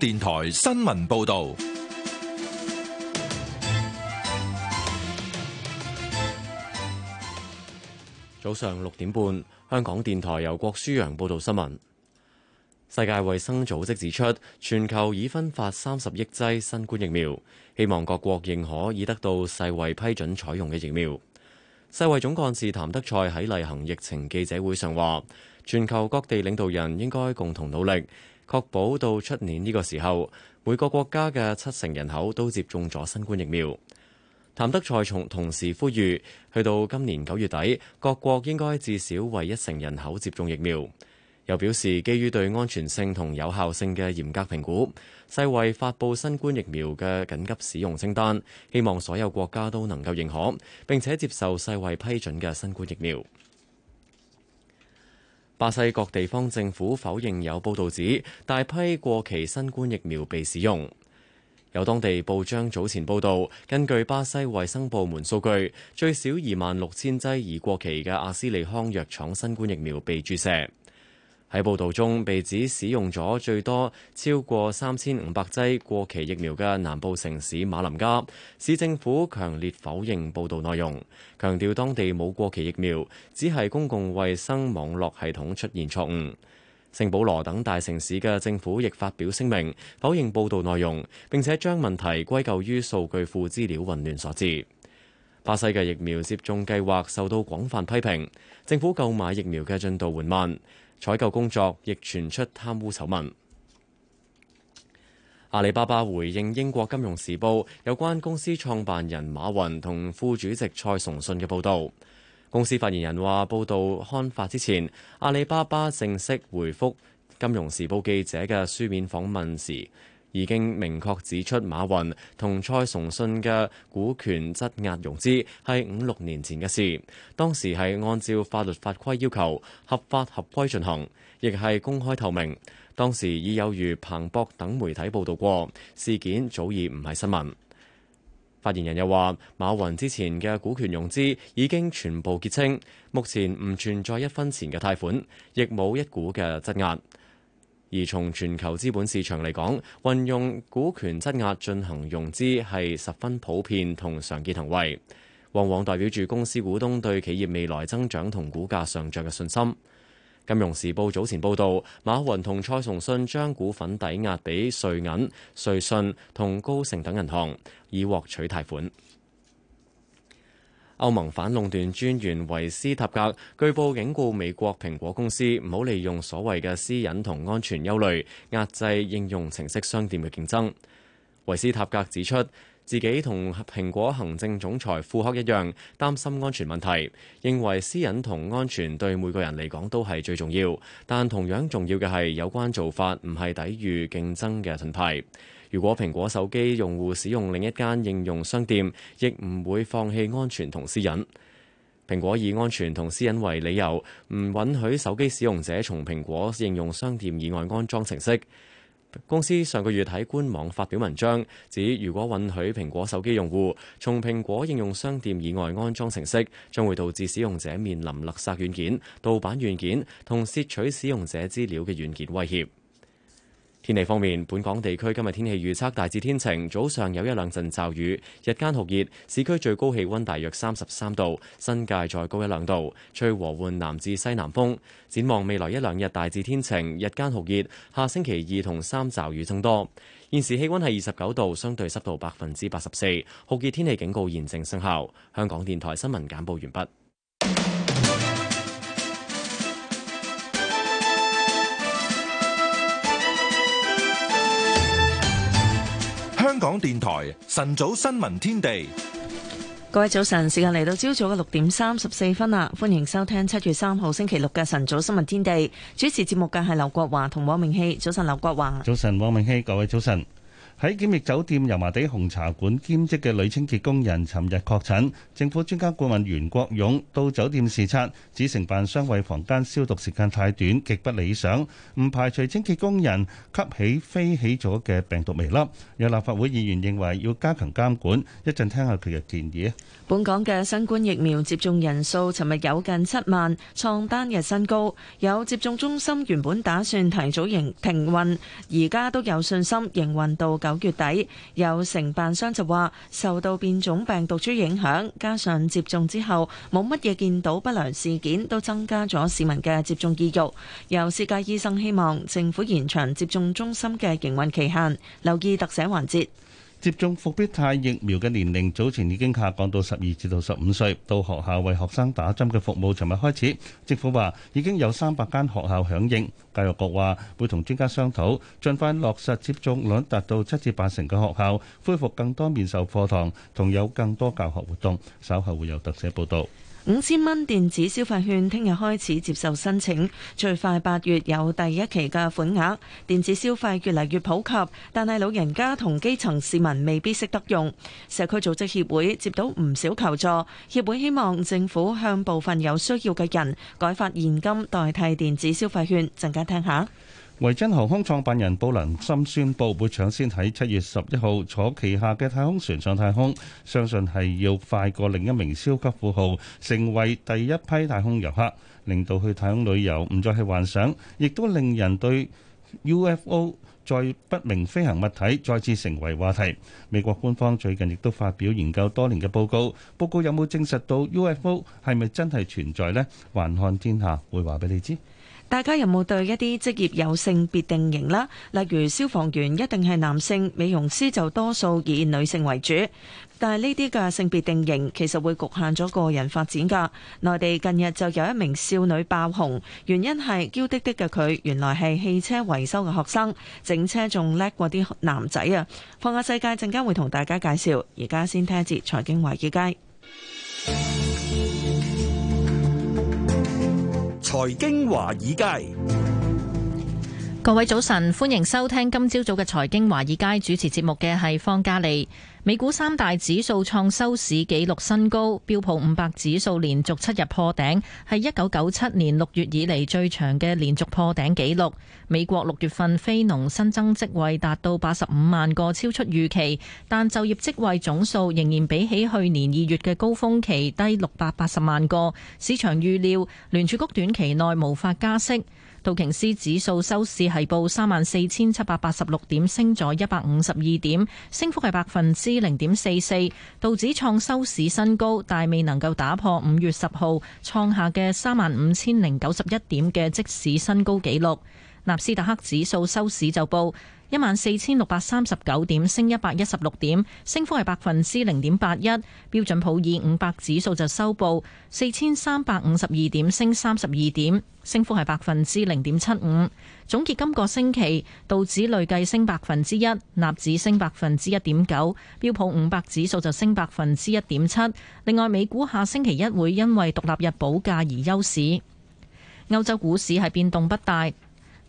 電台新聞報道：早上六點半，香港電台由郭舒揚報道新聞。世界衛生組織指出，全球已分發三十億劑新冠疫苗，希望各國認可已得到世衛批准採用嘅疫苗。世衛總幹事譚德塞喺例行疫情記者會上話：全球各地領導人應該共同努力。確保到出年呢個時候，每個國家嘅七成人口都接種咗新冠疫苗。譚德塞從同時呼籲，去到今年九月底，各國應該至少為一成人口接種疫苗。又表示，基於對安全性同有效性嘅嚴格評估，世衛發布新冠疫苗嘅緊急使用清單，希望所有國家都能夠認可，並且接受世衛批准嘅新冠疫苗。巴西各地方政府否認有報道指大批過期新冠疫苗被使用。有當地報章早前報導，根據巴西衛生部門數據，最少二萬六千劑已過期嘅阿斯利康藥廠新冠疫苗被注射。喺報道中被指使用咗最多超過三千五百劑過期疫苗嘅南部城市馬林加，市政府強烈否認報道內容，強調當地冇過期疫苗，只係公共衛生網絡系統出現錯誤。聖保羅等大城市嘅政府亦發表聲明，否認報道內容，並且將問題歸咎於數據庫資料混亂所致。巴西嘅疫苗接種計劃受到廣泛批評，政府購買疫苗嘅進度緩慢。採購工作亦傳出貪污醜聞。阿里巴巴回應英國金融時報有關公司創辦人馬雲同副主席蔡崇信嘅報導。公司發言人話，報導刊發之前，阿里巴巴正式回覆金融時報記者嘅書面訪問時。已經明確指出，馬雲同蔡崇信嘅股權質押融資係五六年前嘅事，當時係按照法律法規要求合法合規進行，亦係公開透明。當時已有如彭博等媒體報導過，事件早已唔係新聞。發言人又話：馬雲之前嘅股權融資已經全部結清，目前唔存在一分錢嘅貸款，亦冇一股嘅質押。而從全球資本市場嚟講，運用股權質押進行融資係十分普遍同常見行為，往往代表住公司股東對企業未來增長同股價上漲嘅信心。金融時報早前報導，馬雲同蔡崇信將股份抵押俾瑞銀、瑞信同高盛等銀行，以獲取貸款。歐盟反壟斷專員維斯塔格據報警告美國蘋果公司唔好利用所謂嘅私隱同安全憂慮壓制應用程式商店嘅競爭。維斯塔格指出，自己同蘋果行政總裁庫克一樣擔心安全問題，認為私隱同安全對每個人嚟講都係最重要，但同樣重要嘅係有關做法唔係抵禦競爭嘅盾牌。如果蘋果手機用戶使用另一間應用商店，亦唔會放棄安全同私隱。蘋果以安全同私隱為理由，唔允許手機使用者從蘋果應用商店以外安裝程式。公司上個月喺官網發表文章，指如果允許蘋果手機用戶從蘋果應用商店以外安裝程式，將會導致使用者面臨垃圾軟件、盜版軟件同竊取使用者資料嘅軟件威脅。天氣方面，本港地區今日天氣預測大致天晴，早上有一兩陣驟雨，日間酷熱，市區最高氣温大約三十三度，新界再高一兩度，吹和緩南至西南風。展望未來一兩日大致天晴，日間酷熱，下星期二同三驟雨增多。現時氣溫係二十九度，相對濕度百分之八十四，酷熱天氣警告現正生效。香港電台新聞簡報完畢。香港電台晨早新聞天地，各位早晨，時間嚟到朝早嘅六點三十四分啦，歡迎收聽七月三號星期六嘅晨早新聞天地，主持節目嘅係劉國華同汪明熙，早晨劉國華，早晨汪明熙，各位早晨。喺檢疫酒店油麻地紅茶館兼職嘅女清潔工人尋日確診，政府專家顧問袁國勇到酒店視察，指承辦商為房間消毒時間太短，極不理想，唔排除清潔工人吸起飛起咗嘅病毒微粒。有立法會議員認為要加強監管，一陣聽下佢嘅建議。本港嘅新冠疫苗接種人數，尋日有近七萬，創單日新高。有接種中心原本打算提早營停停運，而家都有信心營運到九月底。有承辦商就話受到變種病毒株影響，加上接種之後冇乜嘢見到不良事件，都增加咗市民嘅接種意欲。有私家醫生希望政府延長接種中心嘅營運期限。留意特寫環節。接種復必泰疫苗嘅年齡早前已經下降到十二至到十五歲，到學校為學生打針嘅服務尋日開始。政府話已經有三百間學校響應，教育局話會同專家商討，盡快落實接種率達到七至八成嘅學校，恢復更多面授課堂同有更多教學活動。稍後會有特寫報導。五千蚊電子消費券聽日開始接受申請，最快八月有第一期嘅款額。電子消費越嚟越普及，但係老人家同基層市民未必識得用。社區組織協會接到唔少求助，協會希望政府向部分有需要嘅人改發現金代替電子消費券。陣間聽下。維珍航空創辦人布林森宣佈會搶先喺七月十一號坐旗下嘅太空船上太空，相信係要快過另一名超級富豪成為第一批太空遊客，令到去太空旅遊唔再係幻想，亦都令人對 UFO 在不明飛行物體再次成為話題。美國官方最近亦都發表研究多年嘅報告，報告有冇證實到 UFO 係咪真係存在呢？環看天下會話俾你知。大家有冇對一啲職業有性別定型啦？例如消防員一定係男性，美容師就多數以女性為主。但係呢啲嘅性別定型其實會局限咗個人發展㗎。內地近日就有一名少女爆紅，原因係嬌滴滴嘅佢，原來係汽車維修嘅學生，整車仲叻過啲男仔啊！《放下世界》陣間會同大家介紹，而家先聽一節財經維基街。財經華爾街。各位早晨，歡迎收聽今朝早嘅財經華爾街，主持節目嘅係方嘉莉。美股三大指數創收市紀錄新高，標普五百指數連續七日破頂，係一九九七年六月以嚟最長嘅連續破頂紀錄。美國六月份非農新增職位達到八十五萬個，超出預期，但就業職位總數仍然比起去年二月嘅高峰期低六百八十萬個。市場預料聯儲局短期內無法加息。道瓊斯指數收市係報三萬四千七百八十六點，升咗一百五十二點，升幅係百分之零點四四。道指創收市新高，但未能夠打破五月十號創下嘅三萬五千零九十一點嘅即市新高紀錄。納斯達克指數收市就報，一萬四千六百三十九點，升一百一十六點，升幅係百分之零點八一。標準普爾五百指數就收報四千三百五十二點，升三十二點，升幅係百分之零點七五。總結今個星期道指累計升百分之一，納指升百分之一點九，標普五百指數就升百分之一點七。另外，美股下星期一會因為獨立日補假而休市。歐洲股市係變動不大。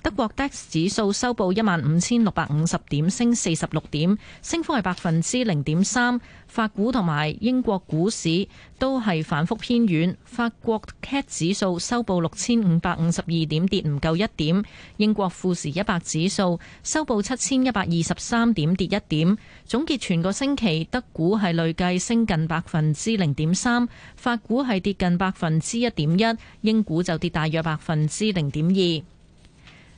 德國 DAX 指數收報一萬五千六百五十點，升四十六點，升幅係百分之零點三。法股同埋英國股市都係反覆偏軟。法國 CAC 指數收報六千五百五十二點，跌唔夠一點。英國富時一百指數收報七千一百二十三點，跌一點。總結全個星期，德股係累計升近百分之零點三，法股係跌近百分之一點一，英股就跌大約百分之零點二。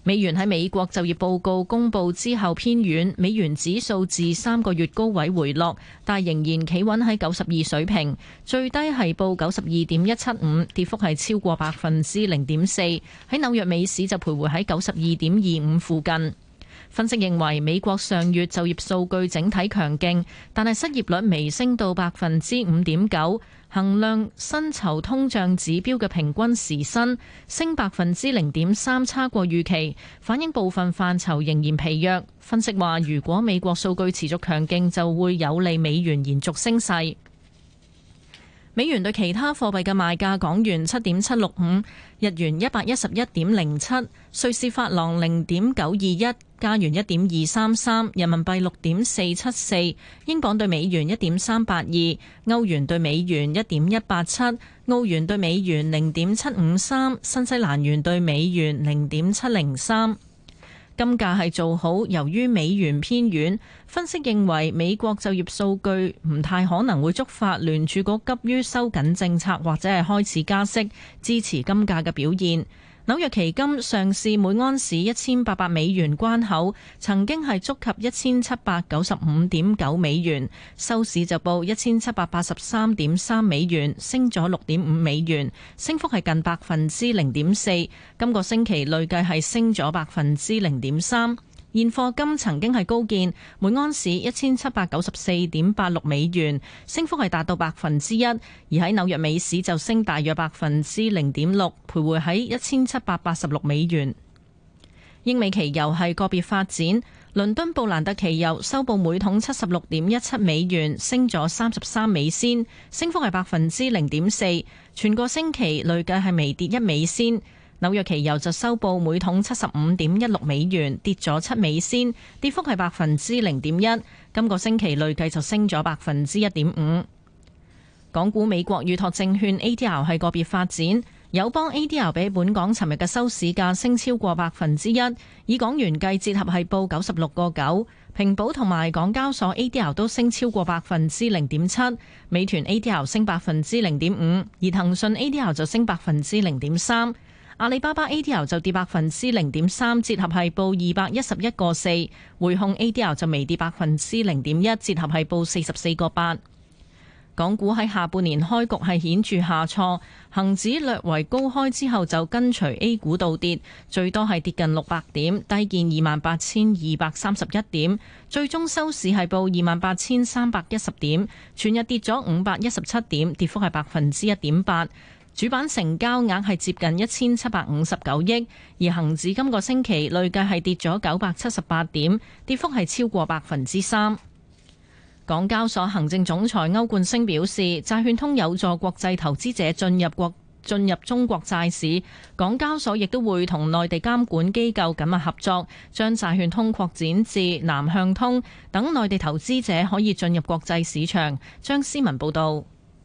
美元喺美國就業報告公布之後偏軟，美元指數自三個月高位回落，但仍然企穩喺九十二水平，最低係報九十二點一七五，跌幅係超過百分之零點四。喺紐約美市就徘徊喺九十二點二五附近。分析認為，美國上月就業數據整體強勁，但係失業率微升到百分之五點九，衡量薪酬通脹指標嘅平均時薪升百分之零點三，差過預期，反映部分範疇仍然疲弱。分析話，如果美國數據持續強勁，就會有利美元延續升勢。美元對其他貨幣嘅賣價：港元七點七六五，日元一百一十一點零七，瑞士法郎零點九二一，加元一點二三三，人民幣六點四七四，英鎊對美元一點三八二，歐元對美元一點一八七，澳元對美元零點七五三，新西蘭元對美元零點七零三。金價係做好，由於美元偏軟，分析認為美國就業數據唔太可能會觸發聯儲局急於收緊政策或者係開始加息，支持金價嘅表現。紐約期金上市每安士一千八百美元關口，曾經係觸及一千七百九十五點九美元，收市就報一千七百八十三點三美元，升咗六點五美元，升幅係近百分之零點四，今個星期累計係升咗百分之零點三。現貨金曾經係高見，每安士一千七百九十四點八六美元，升幅係達到百分之一。而喺紐約美市就升大約百分之零點六，徘徊喺一千七百八十六美元。英美期油係個別發展，倫敦布蘭特期油收報每桶七十六點一七美元，升咗三十三美仙，升幅係百分之零點四。全個星期累計係微跌一美仙。紐約期油就收報每桶七十五點一六美元，跌咗七美仙，跌幅係百分之零點一。今個星期累計就升咗百分之一點五。港股美國預託證券 A D R 係個別發展，友邦 A D R 比本港尋日嘅收市價升超過百分之一，以港元計，折合係報九十六個九。平保同埋港交所 A D R 都升超過百分之零點七，美團 A D R 升百分之零點五，而騰訊 A D R 就升百分之零點三。阿里巴巴 ADR 就跌百分之零點三，折合係報二百一十一個四；匯控 ADR 就微跌百分之零點一，折合係報四十四個八。港股喺下半年開局係顯著下挫，恒指略為高開之後就跟隨 A 股倒跌，最多係跌近六百點，低見二萬八千二百三十一點，最終收市係報二萬八千三百一十點，全日跌咗五百一十七點，跌幅係百分之一點八。主板成交額係接近一千七百五十九億，而恒指今個星期累計係跌咗九百七十八點，跌幅係超過百分之三。港交所行政總裁歐冠升表示，債券通有助國際投資者進入國進入中國債市，港交所亦都會同內地監管機構緊密合作，將債券通擴展至南向通，等內地投資者可以進入國際市場。張思文報導。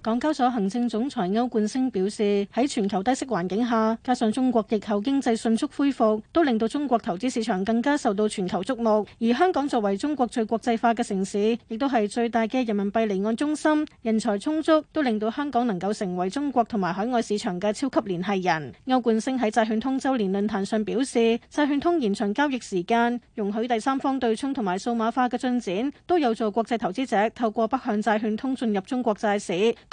港交所行政總裁歐冠昇表示，喺全球低息環境下，加上中國疫後經濟迅速恢復，都令到中國投資市場更加受到全球矚目。而香港作為中國最國際化嘅城市，亦都係最大嘅人民幣離岸中心，人才充足，都令到香港能夠成為中國同埋海外市場嘅超級聯繫人。歐冠昇喺債券通周年論壇上表示，債券通延長交易時間、容許第三方對沖同埋數碼化嘅進展，都有助國際投資者透過北向債券通進入中國債市。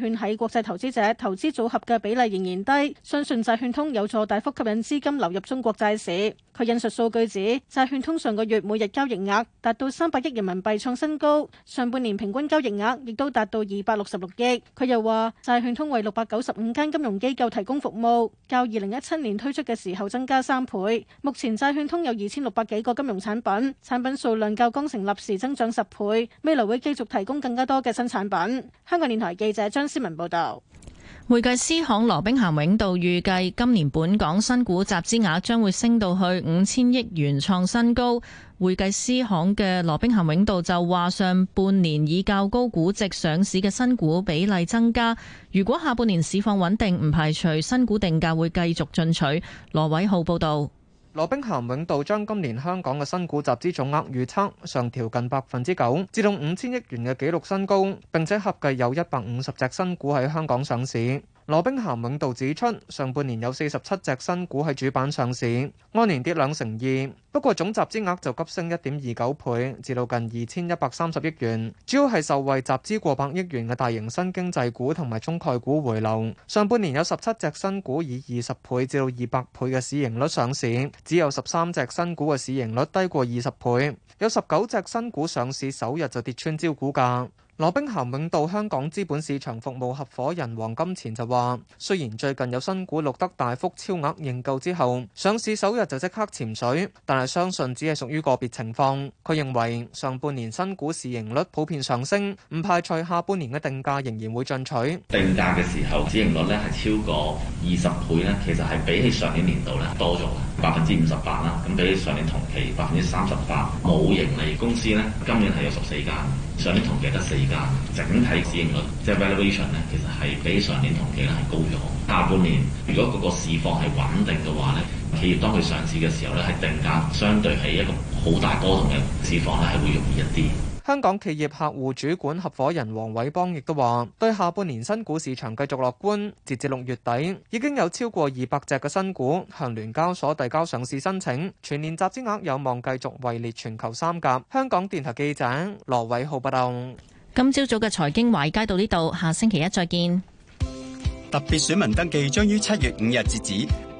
券喺國際投資者投資組合嘅比例仍然低，相信債券通有助大幅吸引資金流入中國債市。佢引述數據指，債券通上個月每日交易額達到三百億人民幣創新高，上半年平均交易額亦都達到二百六十六億。佢又話，債券通為六百九十五間金融機構提供服務，較二零一七年推出嘅時候增加三倍。目前債券通有二千六百幾個金融產品，產品數量較剛成立時增長十倍，未來會繼續提供更加多嘅新產品。香港電台記者張。新思文報道，會計師行羅兵咸永道預計今年本港新股集資額將會升到去五千億元創新高。會計師行嘅羅兵咸永道就話，上半年以較高估值上市嘅新股比例增加，如果下半年市況穩定，唔排除新股定價會繼續進取。羅偉浩報道。羅兵咸永道將今年香港嘅新股集資總額預測上調近百分之九，至到五千億元嘅紀錄新高，並且合計有一百五十隻新股喺香港上市。羅兵咸永道指出，上半年有四十七隻新股喺主板上市，按年跌兩成二，不過總集資額就急升一點二九倍，至到近二千一百三十億元。主要係受惠集資過百億元嘅大型新經濟股同埋中概股回流。上半年有十七隻新股以二十倍至到二百倍嘅市盈率上市，只有十三隻新股嘅市盈率低過二十倍，有十九隻新股上市首日就跌穿招股價。羅兵咸永道香港資本市場服務合夥人黃金錢就話，雖然最近有新股錄得大幅超額認購之後，上市首日就即刻潛水，但係相信只係屬於個別情況。佢認為上半年新股市盈率普遍上升，唔排除下半年嘅定價仍然會進取。定價嘅時候，市盈率咧係超過二十倍咧，其實係比起上年年度咧多咗。百分之五十八啦，咁比上年同期百分之三十八。冇盈利公司呢，今年係有十四間，上年同期得四間。整體市盈率即係 valuation 呢，其實係比上年同期咧，係高咗。下半年如果個個市況係穩定嘅話呢，企業當佢上市嘅時候呢，係定價相對係一個好大波動嘅市況呢，係會容易一啲。香港企業客戶主管合夥人黃偉邦亦都話，對下半年新股市場繼續樂觀。截至六月底，已經有超過二百隻嘅新股向聯交所遞交上市申請，全年集資額有望繼續位列全球三甲。香港電台記者羅偉浩報道。今朝早嘅財經華街到呢度，下星期一再見。特別選民登記將於七月五日截止。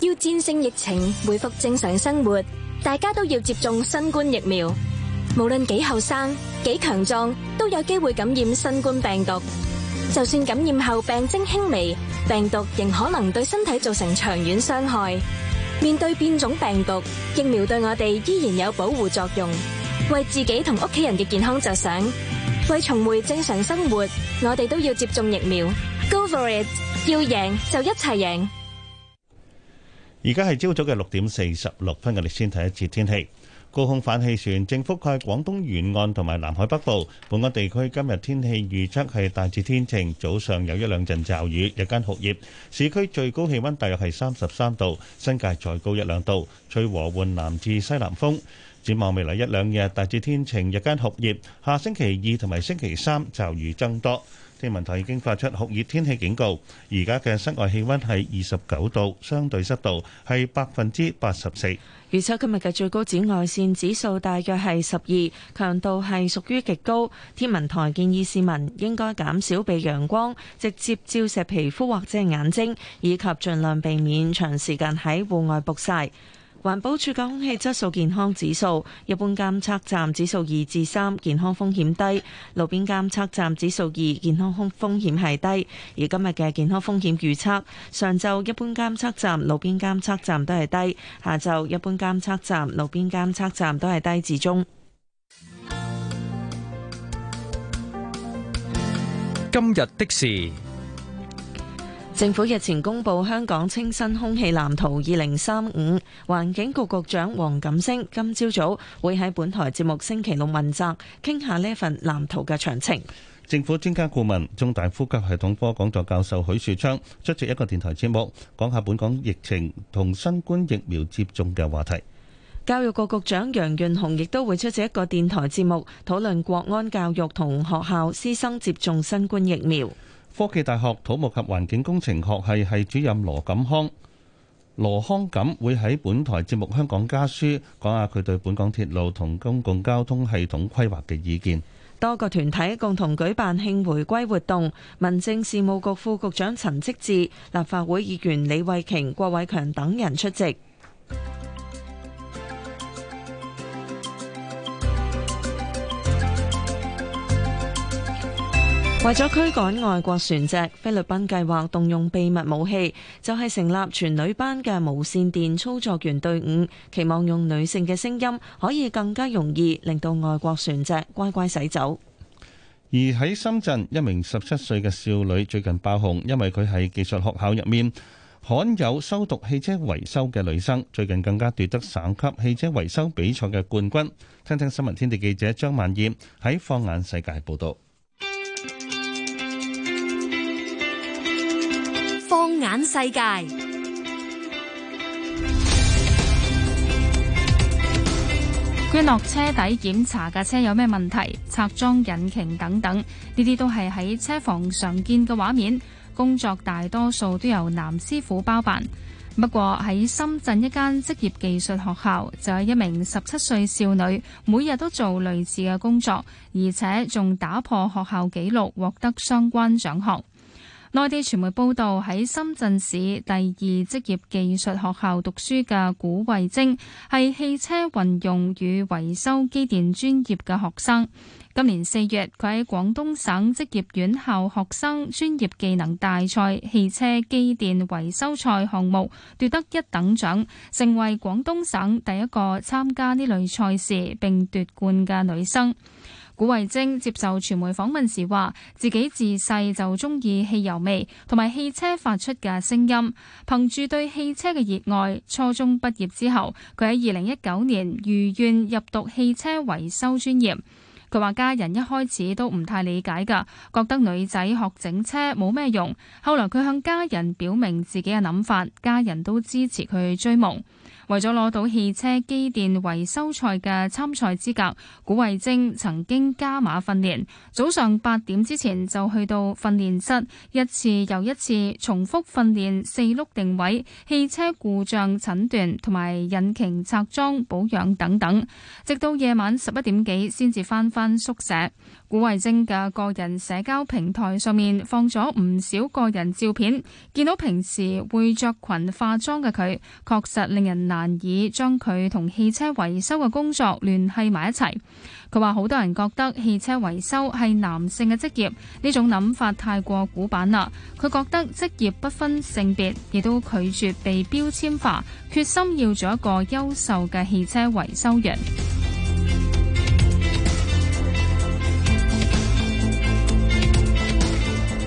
要戰勝疫情，回復正常生活，大家都要接種新冠疫苗。無論幾後生、幾強壯，都有機會感染新冠病毒。就算感染後病徵輕微，病毒仍可能對身體造成長遠傷害。面對變種病毒，疫苗對我哋依然有保護作用。為自己同屋企人嘅健康着想，為重回正常生活，我哋都要接種疫苗。Go for it！要贏就一齊贏。而家係朝早嘅六點四十六分嘅，我哋先睇一次天氣。高空反氣旋正覆蓋廣東沿岸同埋南海北部，本港地區今日天氣預測係大致天晴，早上有一兩陣驟雨，日間酷熱。市區最高氣温大約係三十三度，新界再高一兩度。吹和緩南至西南風。展望未來一兩日大致天晴，日間酷熱。下星期二同埋星期三驟雨增多。天文台已經發出酷熱天氣警告，而家嘅室外氣温係二十九度，相對濕度係百分之八十四，預測今日嘅最高紫外線指數大約係十二，強度係屬於極高。天文台建議市民應該減少被陽光直接照射皮膚或者眼睛，以及盡量避免長時間喺戶外曝曬。環保署嘅空氣質素健康指數，一般監測站指數二至三，健康風險低；路邊監測站指數二，健康空風險係低。而今日嘅健康風險預測，上晝一般監測站、路邊監測站都係低；下晝一般監測站、路邊監測站都係低至中。今日的事。政府日前公布香港清新空氣藍圖二零三五，環境局局長黃錦星今朝早會喺本台節目星期六問責，傾下呢一份藍圖嘅詳情。政府專家顧問、中大呼吸系統科講座教授許樹昌出席一個電台節目，講下本港疫情同新冠疫苗接種嘅話題。教育局局長楊潤雄亦都會出席一個電台節目，討論國安教育同學校師生接種新冠疫苗。科技大學土木及環境工程學系系主任羅錦康、羅康錦會喺本台節目《香港家書》講下佢對本港鐵路同公共交通系統規劃嘅意見。多個團體共同舉辦慶回歸活動，民政事務局副局長陳積志、立法會議員李慧瓊、郭偉強等人出席。為咗驅趕外國船隻，菲律賓計劃動用秘密武器，就係成立全女班嘅無線電操作員隊伍，期望用女性嘅聲音可以更加容易令到外國船隻乖乖駛走。而喺深圳，一名十七歲嘅少女最近爆紅，因為佢喺技術學校入面罕有修讀汽車維修嘅女生，最近更加奪得省級汽車維修比賽嘅冠軍。聽聽新聞天地記者張萬艷喺放眼世界報道。眼世界，鑽落車底檢查架車有咩問題，拆裝引擎等等，呢啲都係喺車房常見嘅畫面。工作大多數都由男師傅包辦。不過喺深圳一間職業技術學校，就係一名十七歲少女，每日都做類似嘅工作，而且仲打破學校紀錄，獲得相關獎項。內地傳媒報道，喺深圳市第二職業技術學校讀書嘅古慧晶，係汽車運用與維修機電專業嘅學生。今年四月，佢喺廣東省職業院校學生專業技能大賽汽車機電維修賽項目奪得一等獎，成為廣東省第一個參加呢類賽事並奪冠嘅女生。古慧晶接受傳媒訪問時話，自己自細就中意汽油味同埋汽車發出嘅聲音，憑住對汽車嘅熱愛，初中畢業之後，佢喺二零一九年如願入讀汽車維修專業。佢話家人一開始都唔太理解㗎，覺得女仔學整車冇咩用。後來佢向家人表明自己嘅諗法，家人都支持佢追夢。為咗攞到汽車機電維修賽嘅參賽資格，古慧晶曾經加碼訓練，早上八點之前就去到訓練室，一次又一次重複訓練四碌定位、汽車故障診斷同埋引擎拆裝保養等等，直到夜晚十一點幾先至返返宿舍。古慧晶嘅個人社交平台上面放咗唔少個人照片，見到平時會着裙化妝嘅佢，確實令人難以將佢同汽車維修嘅工作聯繫埋一齊。佢話：好多人覺得汽車維修係男性嘅職業，呢種諗法太過古板啦。佢覺得職業不分性別，亦都拒絕被標籤化，決心要做一個優秀嘅汽車維修員。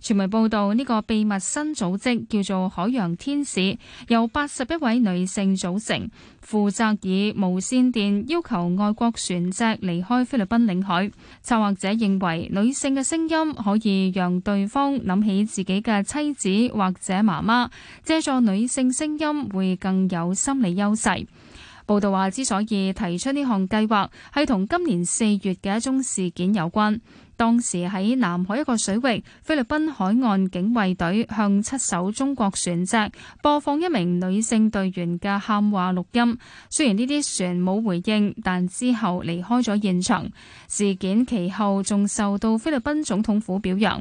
傳媒報道，呢、這個秘密新組織叫做海洋天使，由八十一位女性組成，負責以無線電要求外國船隻離開菲律賓領海。策劃者認為女性嘅聲音可以讓對方諗起自己嘅妻子或者媽媽，借助女性聲音會更有心理優勢。報道話，之所以提出呢項計劃，係同今年四月嘅一宗事件有關。當時喺南海一個水域，菲律賓海岸警衛隊向七艘中國船隻播放一名女性隊員嘅喊話錄音。雖然呢啲船冇回應，但之後離開咗現場。事件其後仲受到菲律賓總統府表揚。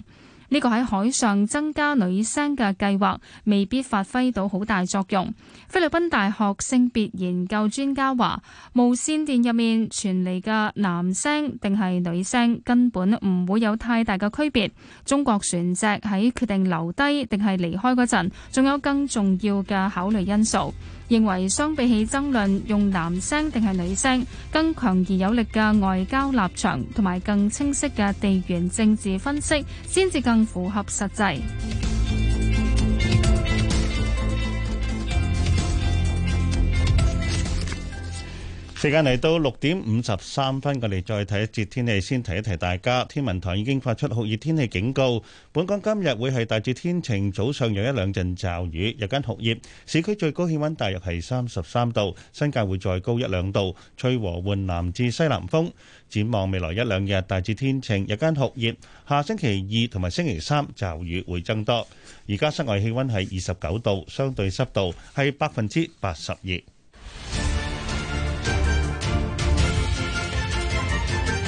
呢個喺海上增加女聲嘅計劃未必發揮到好大作用。菲律賓大學性別研究專家話：無線電入面傳嚟嘅男聲定係女聲根本唔會有太大嘅區別。中國船隻喺決定留低定係離開嗰陣，仲有更重要嘅考慮因素。認為相比起爭論用男聲定係女聲，更強而有力嘅外交立場同埋更清晰嘅地緣政治分析，先至更符合實際。時間嚟到六點五十三分，我哋再睇一節天氣，先提一提大家。天文台已經發出酷熱天氣警告。本港今日會係大致天晴，早上有一兩陣驟雨，日間酷熱。市區最高氣溫大約係三十三度，新界會再高一兩度，吹和緩南至西南風。展望未來一兩日，大致天晴，日間酷熱。下星期二同埋星期三，驟雨會增多。而家室外氣溫係二十九度，相對濕度係百分之八十二。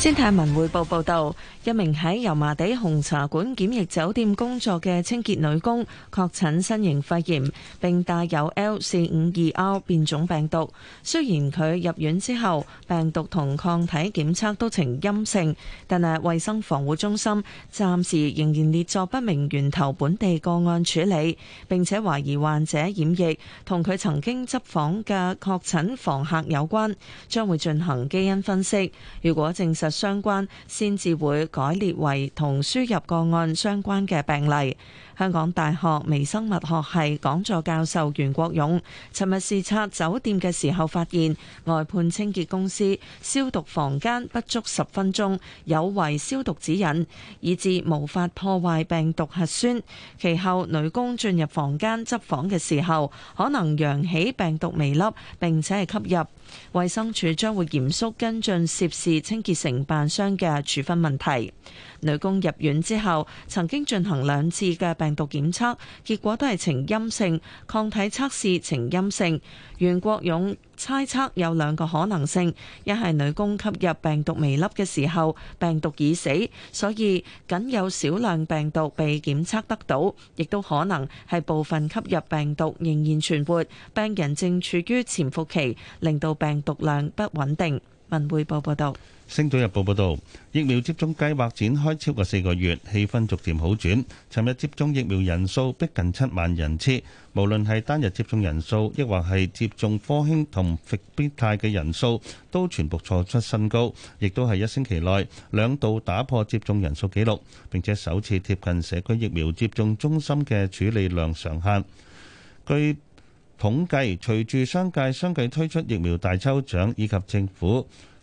先睇文匯報報道，一名喺油麻地紅茶館檢疫酒店工作嘅清潔女工確診新型肺炎，並帶有 L452R 變種病毒。雖然佢入院之後病毒同抗體檢測都呈陰性，但係衛生防護中心暫時仍然列作不明源頭本地個案處理，並且懷疑患者染疫同佢曾經執房嘅確診房客有關，將會進行基因分析。如果證實，相關先至會改列為同輸入個案相關嘅病例。香港大學微生物學系講座教授袁國勇，尋日視察酒店嘅時候發現，外判清潔公司消毒房間不足十分鐘，有違消毒指引，以致無法破壞病毒核酸。其後女工進入房間執房嘅時候，可能揚起病毒微粒，並且係吸入。衛生署將會嚴肅跟進涉事清潔承辦商嘅處分問題。女工入院之後，曾經進行兩次嘅病毒檢測，結果都係呈陰性，抗體測試呈陰性。袁國勇猜測有兩個可能性，一係女工吸入病毒微粒嘅時候，病毒已死，所以僅有少量病毒被檢測得到；亦都可能係部分吸入病毒仍然存活，病人正處於潛伏期，令到病毒量不穩定。文匯報報道。星島日報報道，疫苗接種計劃展開超過四個月，氣氛逐漸好轉。尋日接種疫苗人數逼近七萬人次，無論係單日接種人數，亦或係接種科興同復必泰嘅人數，都全部創出新高，亦都係一星期內兩度打破接種人數紀錄，並且首次貼近社區疫苗接種中心嘅處理量上限。據統計，隨住商界相繼推出疫苗大抽獎，以及政府。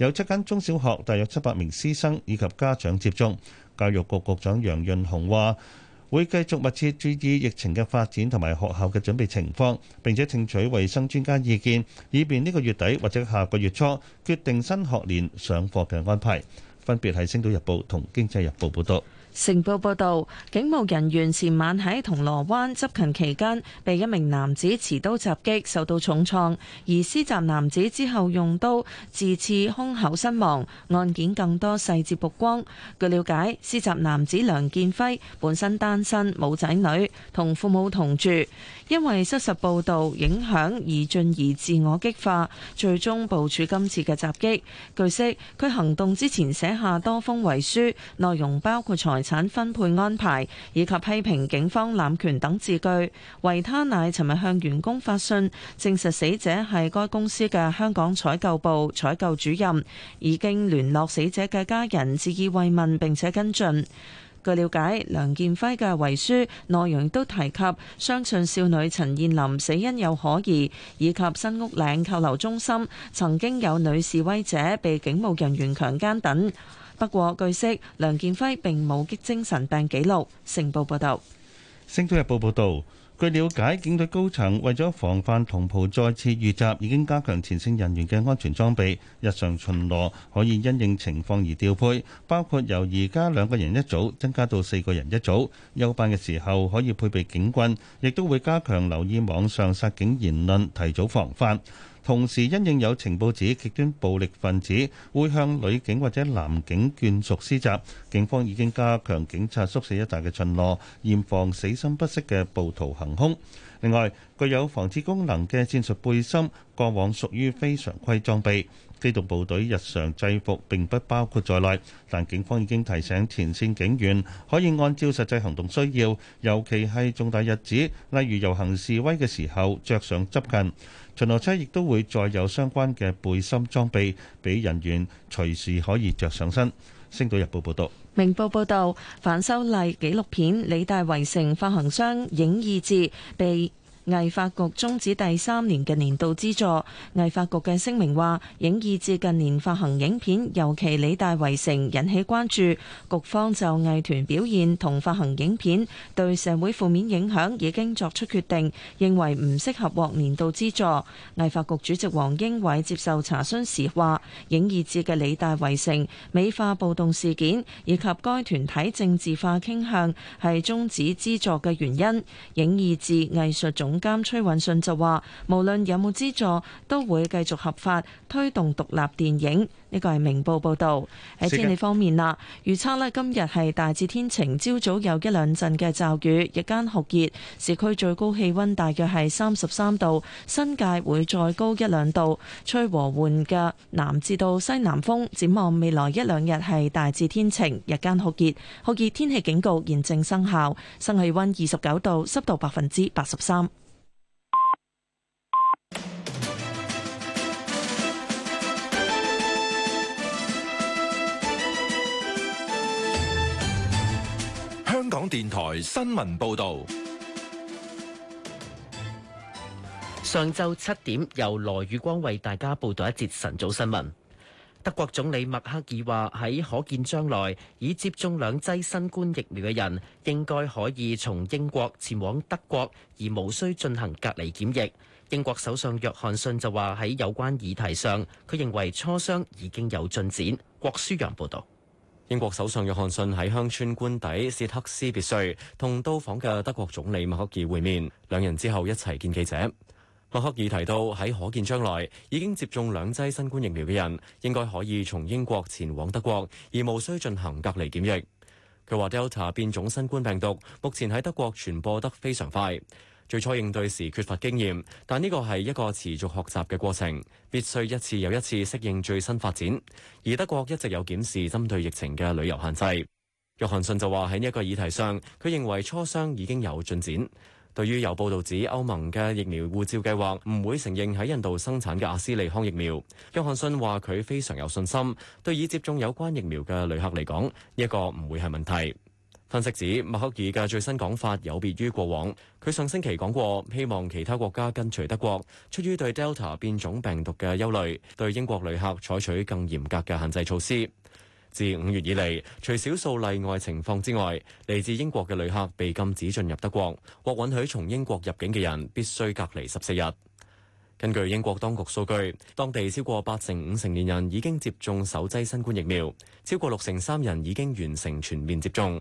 有七間中小學，大約七百名師生以及家長接種。教育局局長楊潤雄話：會繼續密切注意疫情嘅發展同埋學校嘅準備情況，並且聽取衞生專家意見，以便呢個月底或者下個月初決定新學年上課嘅安排。分別係《星島日報》同《經濟日報》報導。成報報導，警務人員前晚喺銅鑼灣執勤期間，被一名男子持刀襲擊，受到重創。而施襲男子之後用刀自刺胸口身亡。案件更多細節曝光。據了解，施襲男子梁健輝本身單身，冇仔女，同父母同住。因為失實報導影響，而進而自我激化，最終部署今次嘅襲擊。據悉，佢行動之前寫下多封遺書，內容包括財遺產分配安排，以及批評警方濫權等字句。維他奶尋日向員工發信，證實死者係該公司嘅香港採購部採購主任，已經聯絡死者嘅家人致意慰問，並且跟進。據了解，梁建輝嘅遺書內容亦都提及相信少女陳彥霖死因有可疑，以及新屋嶺扣留中心曾經有女示威者被警務人員強姦等。不過據悉，梁建輝並冇激精神病記錄。星報報道，《星島日報》報道：「據了解，警隊高層為咗防範同袍再次遇襲，已經加強前線人員嘅安全裝備，日常巡邏可以因應情況而調配，包括由而家兩個人一組增加到四個人一組，休班嘅時候可以配備警棍，亦都會加強留意網上殺警言論，提早防範。同時，因應有情報指極端暴力分子會向女警或者男警眷屬施襲，警方已經加強警察宿舍一帶嘅巡邏，嚴防死心不息嘅暴徒行凶。另外，具有防刺功能嘅戰術背心，過往屬於非常規裝備，機動部隊日常制服並不包括在內，但警方已經提醒前線警員可以按照實際行動需要，尤其係重大日子，例如遊行示威嘅時候，着上執勤。巡邏車亦都會再有相關嘅背心裝備，俾人員隨時可以着上身。星島日報報道，明報報道，反修例紀錄片《理大圍城》發行商影意志被。藝發局終止第三年嘅年度資助。藝發局嘅聲明話，影意志近年發行影片，尤其理大圍城引起關注。局方就藝團表現同發行影片對社會負面影響，已經作出決定，認為唔適合獲年度資助。藝發局主席王英偉接受查詢時話，影意志嘅理大圍城美化暴動事件，以及該團體政治化傾向，係終止資助嘅原因。影意志藝術總總監崔允信就話，無論有冇資助，都會繼續合法推動獨立電影。呢個係明報報導。喺天氣方面啦，預測呢，今日係大致天晴，朝早有一兩陣嘅驟雨，日間酷熱，市區最高氣温大約係三十三度，新界會再高一兩度，吹和緩嘅南至到西南風。展望未來一兩日係大致天晴，日間酷熱，酷熱天氣警告現正生效，新氣温二十九度，濕度百分之八十三。香港電台新聞報道，上晝七點由羅宇光為大家報道一節晨早新聞。德國總理默克爾話喺可見將來，已接種兩劑新冠疫苗嘅人應該可以從英國前往德國，而無需進行隔離檢疫。英國首相約翰遜就話喺有關議題上，佢認為磋商已經有進展。郭書陽報道。英國首相約翰遜喺鄉村官邸薛克斯別墅同到訪嘅德國總理默克爾會面，兩人之後一齊見記者。默克爾提到喺可見將來，已經接種兩劑新冠疫苗嘅人應該可以從英國前往德國，而無需進行隔離檢疫。佢話 Delta 變種新冠病毒，目前喺德國傳播得非常快。最初應對時缺乏經驗，但呢個係一個持續學習嘅過程，必須一次又一次適應最新發展。而德國一直有檢視針對疫情嘅旅遊限制。約翰遜就話喺呢一個議題上，佢認為磋商已經有進展。對於有報道指歐盟嘅疫苗護照計劃唔會承認喺印度生產嘅阿斯利康疫苗，約翰遜話佢非常有信心，對已接種有關疫苗嘅旅客嚟講，呢個唔會係問題。分析指，默克爾嘅最新講法有別於過往。佢上星期講過，希望其他國家跟隨德國出於對 Delta 變種病毒嘅憂慮，對英國旅客採取更嚴格嘅限制措施。自五月以嚟，除少數例外情況之外，嚟自英國嘅旅客被禁止進入德國，或允許從英國入境嘅人必須隔離十四日。根據英國當局數據，當地超過八成五成年人已經接種首劑新冠疫苗，超過六成三人已經完成全面接種。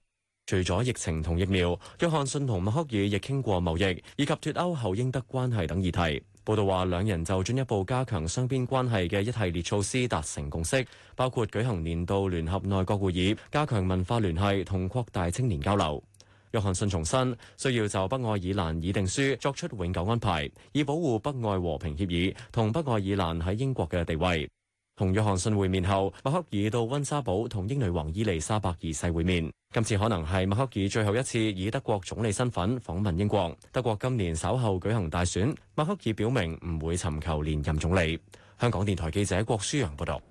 除咗疫情同疫苗，約翰遜同默克爾亦傾過貿易以及脫歐後英德關係等議題。報道話，兩人就進一步加強雙邊關係嘅一系列措施達成共識，包括舉行年度聯合內閣會議、加強文化聯繫同擴大青年交流。約翰遜重申，需要就北愛爾蘭議定書作出永久安排，以保護北愛和平協議同北愛爾蘭喺英國嘅地位。同咗約翰遜會面後,默克爾到溫莎堡同英女王伊利莎白二世會面。今次可能係默克爾最後一次以德國總理身份訪問英國。德國今年稍後舉行大選,默克爾表明唔會尋求連任總理。香港電台記者郭舒揚報導,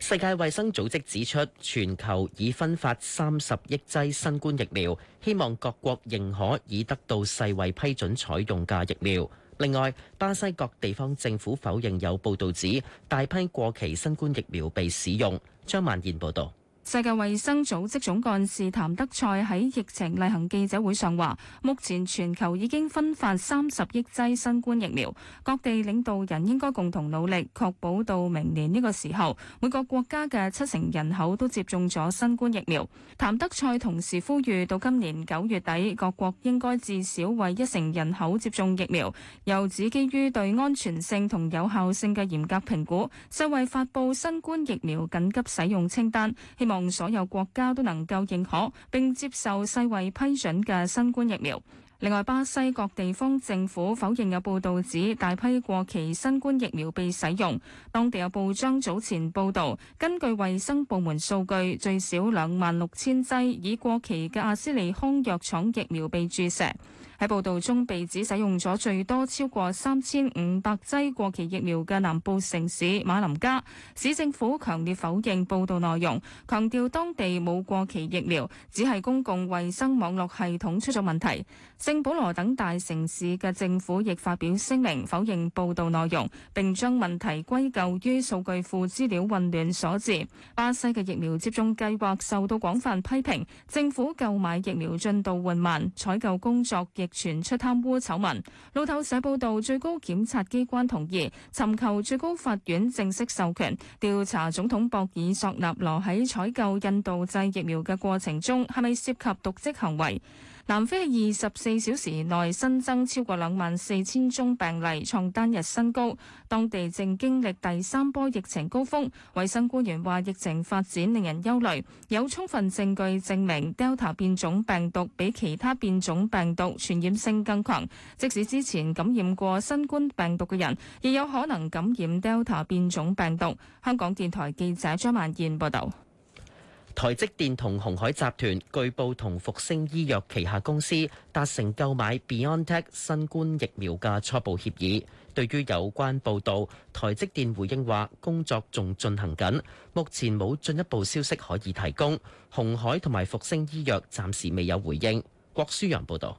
世界衛生組織指出,全球已分發三十億劑新冠疫苗,希望各國仍可以得到世衛批准採用嘅疫苗。另外，巴西各地方政府否認有報道指大批過期新冠疫苗被使用。張萬燕報道。世界衛生組織總幹事譚德塞喺疫情例行記者會上話，目前全球已經分發三十億劑新冠疫苗，各地領導人應該共同努力，確保到明年呢個時候，每個國家嘅七成人口都接種咗新冠疫苗。譚德塞同時呼籲到今年九月底，各國應該至少為一成人口接種疫苗，又指基於對安全性同有效性嘅嚴格評估，世衛發布新冠疫苗緊急使用清單，望所有國家都能夠認可並接受世衛批准嘅新冠疫苗。另外，巴西各地方政府否認有報導指大批過期新冠疫苗被使用。當地有報章早前報導，根據衛生部門數據，最少兩萬六千劑已過期嘅阿斯利康藥廠疫苗被注射。喺報道中被指使用咗最多超過三千五百劑過期疫苗嘅南部城市馬林加，市政府強烈否認報道內容，強調當地冇過期疫苗，只係公共衛生網絡系統出咗問題。聖保羅等大城市嘅政府亦發表聲明否認報道內容，並將問題歸咎於數據庫資料混亂所致。巴西嘅疫苗接種計劃受到廣泛批評，政府購買疫苗進度緩慢，採購工作傳出貪污醜聞，路透社報道，最高檢察機關同意尋求最高法院正式授權調查總統博爾索納羅喺採購印度製疫苗嘅過程中係咪涉及瀆職行為。南非喺二十四小時內新增超過兩萬四千宗病例，創單日新高。當地正經歷第三波疫情高峰。衛生官員話：疫情發展令人憂慮，有充分證據證明 Delta 變種病毒比其他變種病毒傳染性更強。即使之前感染過新冠病毒嘅人，亦有可能感染 Delta 變種病毒。香港電台記者張曼燕報道。台積電同鴻海集團據報同復星醫藥旗下公司達成購買 BioNTech 新冠疫苗嘅初步協議。對於有關報道，台積電回應話工作仲進行緊，目前冇進一步消息可以提供。鴻海同埋復星醫藥暫時未有回應。郭舒陽報導。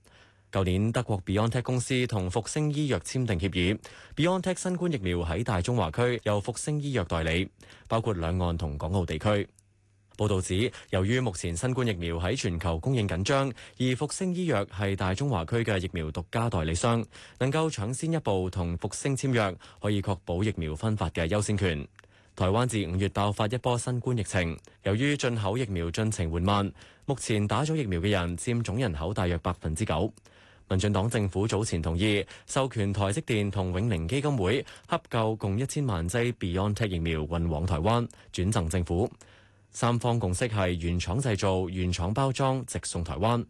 舊年，德國 BioNTech 公司同復星醫藥簽訂協議，BioNTech 新冠疫苗喺大中華區由復星醫藥代理，包括兩岸同港澳地區。報導指，由於目前新冠疫苗喺全球供應緊張，而復星醫藥係大中華區嘅疫苗獨家代理商，能夠搶先一步同復星簽約，可以確保疫苗分發嘅優先權。台灣自五月爆發一波新冠疫情，由於進口疫苗進程緩慢，目前打咗疫苗嘅人佔總人口大約百分之九。民進黨政府早前同意授權台積電同永寧基金會洽購共一千萬劑 BioNTech 疫苗運往台灣轉贈政府。三方共識係原廠製造、原廠包裝、直送台灣。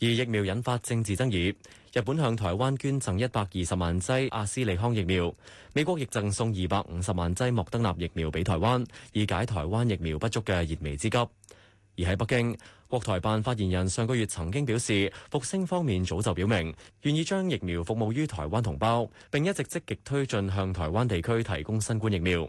而疫苗引發政治爭議。日本向台灣捐贈一百二十萬劑阿斯利康疫苗，美國亦贈送二百五十萬劑莫德納疫苗俾台灣，以解台灣疫苗不足嘅燃眉之急。而喺北京。國台辦發言人上個月曾經表示，復星方面早就表明願意將疫苗服務於台灣同胞，並一直積極推進向台灣地區提供新冠疫苗。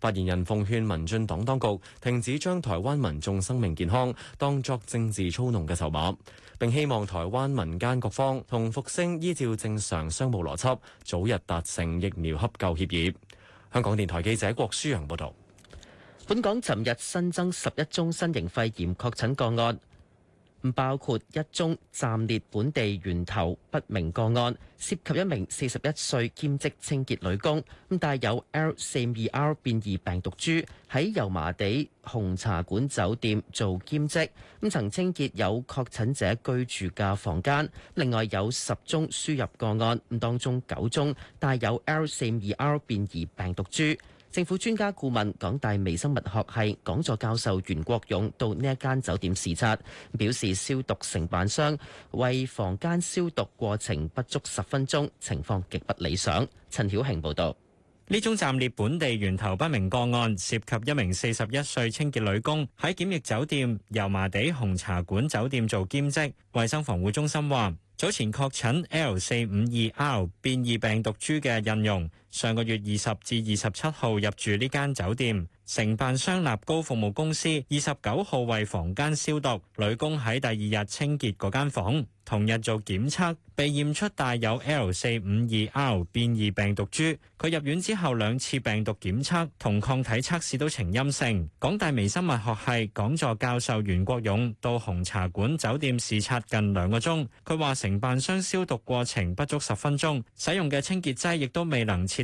發言人奉勸民進黨當局停止將台灣民眾生命健康當作政治操弄嘅籌碼，並希望台灣民間各方同復星依照正常商務邏輯，早日達成疫苗洽購協議。香港電台記者郭舒陽報道。本港尋日新增十一宗新型肺炎確診個案，包括一宗暫列本地源頭不明個案，涉及一名四十一歲兼職清潔女工，咁帶有 L 四二 R 變異病毒株，喺油麻地紅茶館酒店做兼職，咁曾清潔有確診者居住嘅房間。另外有十宗輸入個案，咁當中九宗帶有 L 四二 R 變異病毒株。政府專家顧問、港大微生物學系講座教授袁國勇到呢一間酒店視察，表示消毒承辦商為房間消毒過程不足十分鐘，情況極不理想。陳曉慶報導，呢宗暫列本地源頭不明個案，涉及一名四十一歲清潔女工，喺檢疫酒店油麻地紅茶館酒店做兼職。衞生防護中心話，早前確診 L 四五二 R 變異病毒株嘅應用。上個月二十至二十七號入住呢間酒店，承辦商立高服務公司二十九號為房間消毒，女工喺第二日清潔嗰間房，同日做檢測，被驗出帶有 L 四五二 R 變異病毒株。佢入院之後兩次病毒檢測同抗體測試都呈陰性。港大微生物學系講座教授袁國勇到紅茶館酒店視察近兩個鐘，佢話承辦商消毒過程不足十分鐘，使用嘅清潔劑亦都未能徹。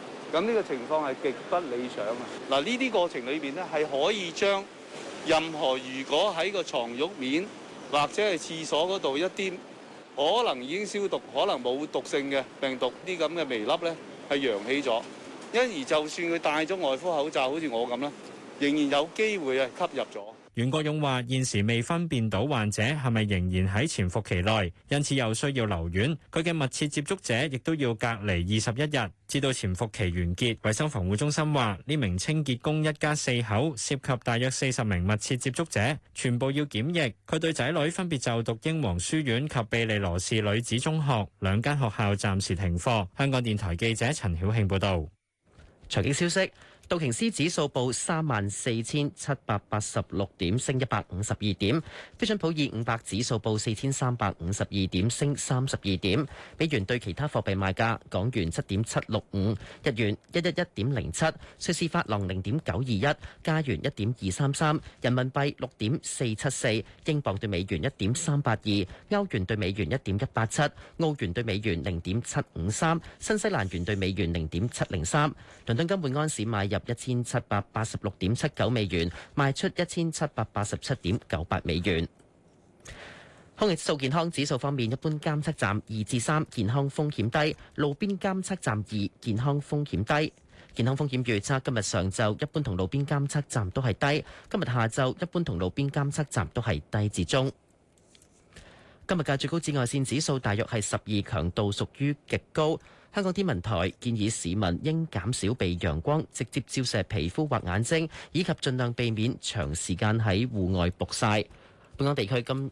咁呢個情況係極不理想啊！嗱，呢啲過程裏邊咧係可以將任何如果喺個牀褥面或者係廁所嗰度一啲可能已經消毒、可能冇毒性嘅病毒啲咁嘅微粒咧，係揚起咗，因而就算佢戴咗外科口罩，好似我咁啦，仍然有機會係吸入咗。袁國勇話：現時未分辨到患者係咪仍然喺潛伏期內，因此又需要留院。佢嘅密切接觸者亦都要隔離二十一日，至到潛伏期完結。衛生防護中心話，呢名清潔工一家四口涉及大約四十名密切接觸者，全部要檢疫。佢對仔女分別就讀英皇書院及庇理羅士女子中學，兩間學校暫時停課。香港電台記者陳曉慶報道。財經消息。道瓊斯指數報三萬四千七百八十六點，升一百五十二點。標準普爾五百指數報四千三百五十二點，升三十二點。美元對其他貨幣賣價：港元七點七六五，日元一一一點零七，瑞士法郎零點九二一，加元一點二三三，人民幣六點四七四，英鎊對美元一點三八二，歐元對美元一點一八七，澳元對美元零點七五三，新西蘭元對美元零點七零三。倫敦金每安士買入。一千七百八十六點七九美元，賣出一千七百八十七點九八美元。空氣質素健康指數方面，一般監測站二至三，健康風險低；路邊監測站二，健康風險低。健康風險預測今日上晝一般同路邊監測站都係低，今日下晝一般同路邊監測站都係低至中。今日嘅最高紫外線指數大約係十二，強度屬於極高。香港天文台建議市民應減少被陽光直接照射皮膚或眼睛，以及盡量避免長時間喺戶外曝曬。本港地區今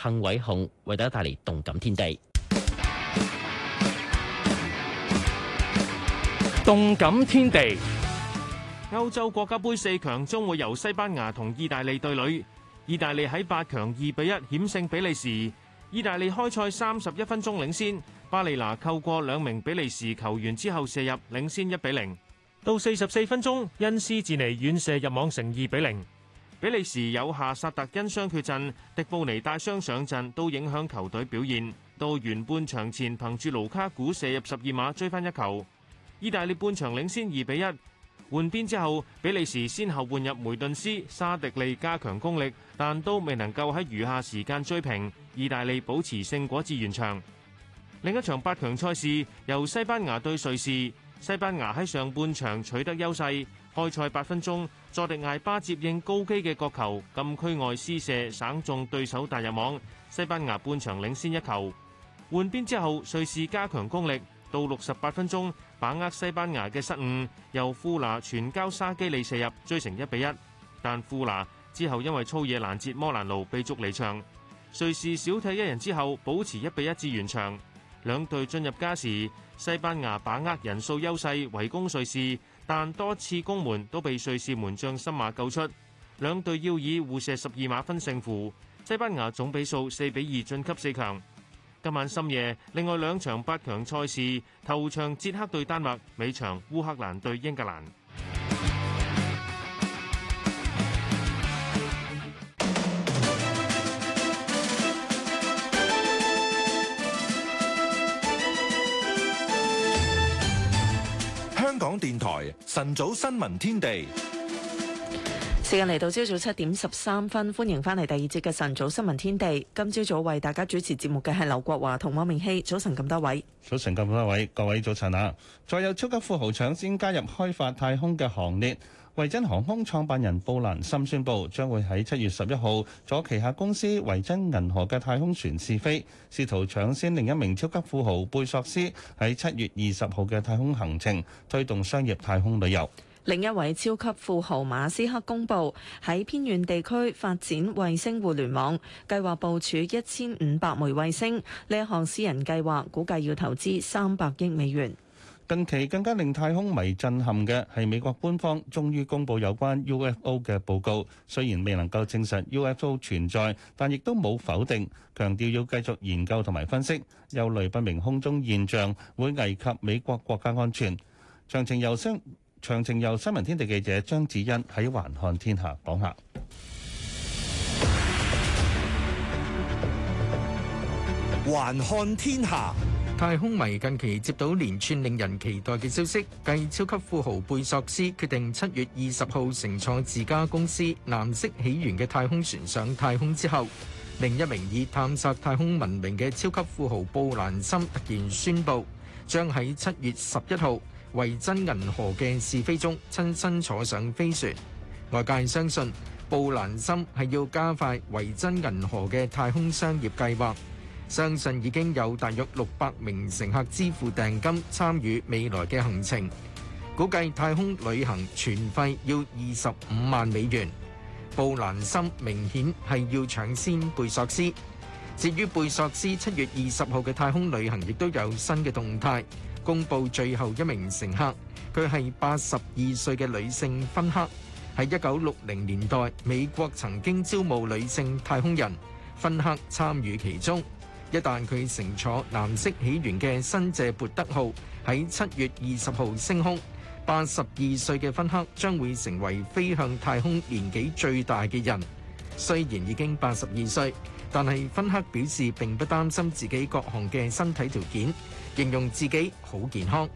幸偉雄為大家帶嚟動感天地。動感天地，歐洲國家杯四強將會由西班牙同意大利對壘。意大利喺八強二比一險勝比利時。意大利開賽三十一分鐘領先，巴利拿扣過兩名比利時球員之後射入，領先一比零。到四十四分鐘，因斯治尼遠射入網，成二比零。比利時有夏薩特因傷缺陣，迪布尼帶傷上陣，都影響球隊表現。到完半場前，憑住盧卡古射入十二碼追翻一球。意大利半場領先二比一，換邊之後，比利時先後換入梅頓斯、沙迪利，利加強攻力，但都未能夠喺餘下時間追平。意大利保持勝果至完場。另一場八強賽事由西班牙對瑞士，西班牙喺上半場取得優勢。開賽八分鐘，佐迪艾巴接應高機嘅角球，禁區外施射，省中對手大入網，西班牙半場領先一球。換邊之後，瑞士加強攻力，到六十八分鐘，把握西班牙嘅失誤，由富拿傳交沙基利射入，追成一比一。但富拿之後因為粗野攔截摩蘭奴，被逐離場，瑞士少踢一人之後，保持一比一至完場。兩隊進入加時，西班牙把握人數優勢，圍攻瑞士。但多次攻門都被瑞士門將森馬救出，兩隊要以互射十二碼分勝負。西班牙總比數四比二晉級四強。今晚深夜，另外兩場八強賽事，頭場捷克對丹麥，尾場烏克蘭對英格蘭。電台晨早新聞天地，時間嚟到朝早七點十三分，歡迎翻嚟第二節嘅晨早新聞天地。今朝早為大家主持節目嘅係劉國華同莫明希，早晨咁多位，早晨咁多位，各位早晨啊！再有超級富豪搶先加入開發太空嘅行列。維珍航空創辦人布蘭森宣布，將會喺七月十一號坐旗下公司維珍銀河嘅太空船試飛，試圖搶先另一名超級富豪貝索斯喺七月二十號嘅太空行程，推動商業太空旅遊。另一位超級富豪馬斯克公布，喺偏遠地區發展衛星互聯網，計劃部署一千五百枚衛星。呢一項私人計劃，估計要投資三百億美元。近期更加令太空迷震撼嘅，係美國官方終於公布有關 UFO 嘅報告。雖然未能夠證實 UFO 存在，但亦都冇否定，強調要繼續研究同埋分析有類不明空中現象，會危及美國國家安全。詳情由新詳情由新聞天地記者張子欣喺《環看天下》講下。環看天下。太空迷近期接到連串令人期待嘅消息，繼超級富豪貝索斯決定七月二十號乘坐自家公司藍色起源嘅太空船上太空之後，另一名以探索太空聞名嘅超級富豪布蘭森突然宣布，將喺七月十一號維珍銀河嘅試飛中親身坐上飛船。外界相信布蘭森係要加快維珍銀河嘅太空商業計劃。相信已經有大約六百名乘客支付訂金，參與未來嘅行程。估計太空旅行全費要二十五萬美元。布蘭森明顯係要搶先貝索斯。至於貝索斯七月二十號嘅太空旅行，亦都有新嘅動態，公布最後一名乘客，佢係八十二歲嘅女性芬克。喺一九六零年代，美國曾經招募女性太空人芬克參與其中。一旦佢乘坐藍色起源嘅新謝潑德號，喺七月二十號升空，八十二歲嘅芬克將會成為飛向太空年紀最大嘅人。雖然已經八十二歲，但係芬克表示並不擔心自己各項嘅身體條件，形容自己好健康。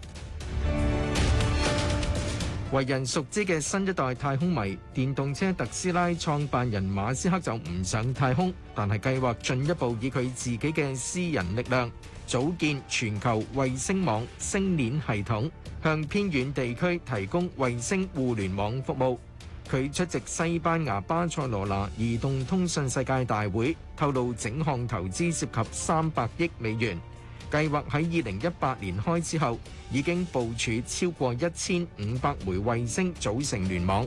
為人熟知嘅新一代太空迷，電動車特斯拉創辦人馬斯克就唔上太空，但係計劃進一步以佢自己嘅私人力量，組建全球衛星網星鏈系統，向偏遠地區提供衛星互聯網服務。佢出席西班牙巴塞羅那移動通信世界大會，透露整項投資涉及三百億美元。計劃喺二零一八年開始之後，已經部署超過一千五百枚衛星組成聯網，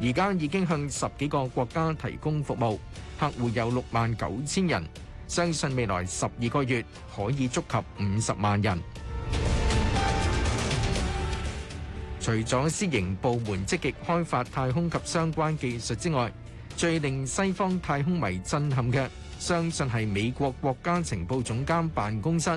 而家已經向十幾個國家提供服務，客戶有六萬九千人，相信未來十二個月可以觸及五十萬人。除咗私營部門積極開發太空及相關技術之外，最令西方太空迷震撼嘅，相信係美國國家情報總監辦公室。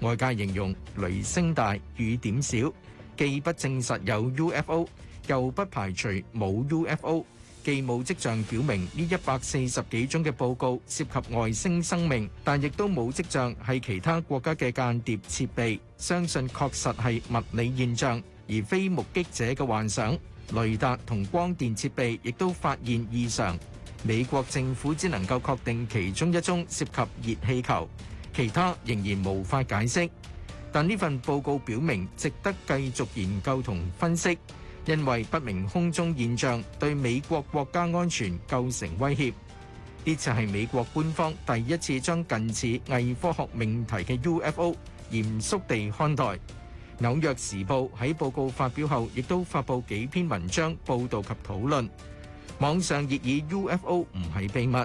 外界形容雷聲大雨點小，既不證實有 UFO，又不排除冇 UFO，既冇跡象表明呢一百四十幾宗嘅報告涉及外星生命，但亦都冇跡象係其他國家嘅間諜設備。相信確實係物理現象，而非目擊者嘅幻想。雷達同光電設備亦都發現異常。美國政府只能夠確定其中一宗涉及熱氣球。其他仍然無法解釋，但呢份報告表明值得繼續研究同分析，因為不明空中現象對美國國家安全構成威脅。呢就係美國官方第一次將近似偽科學命題嘅 UFO 嚴肅地看待。紐約時報喺報告發表後，亦都發布幾篇文章報導及討論。網上熱議 UFO 唔係秘密。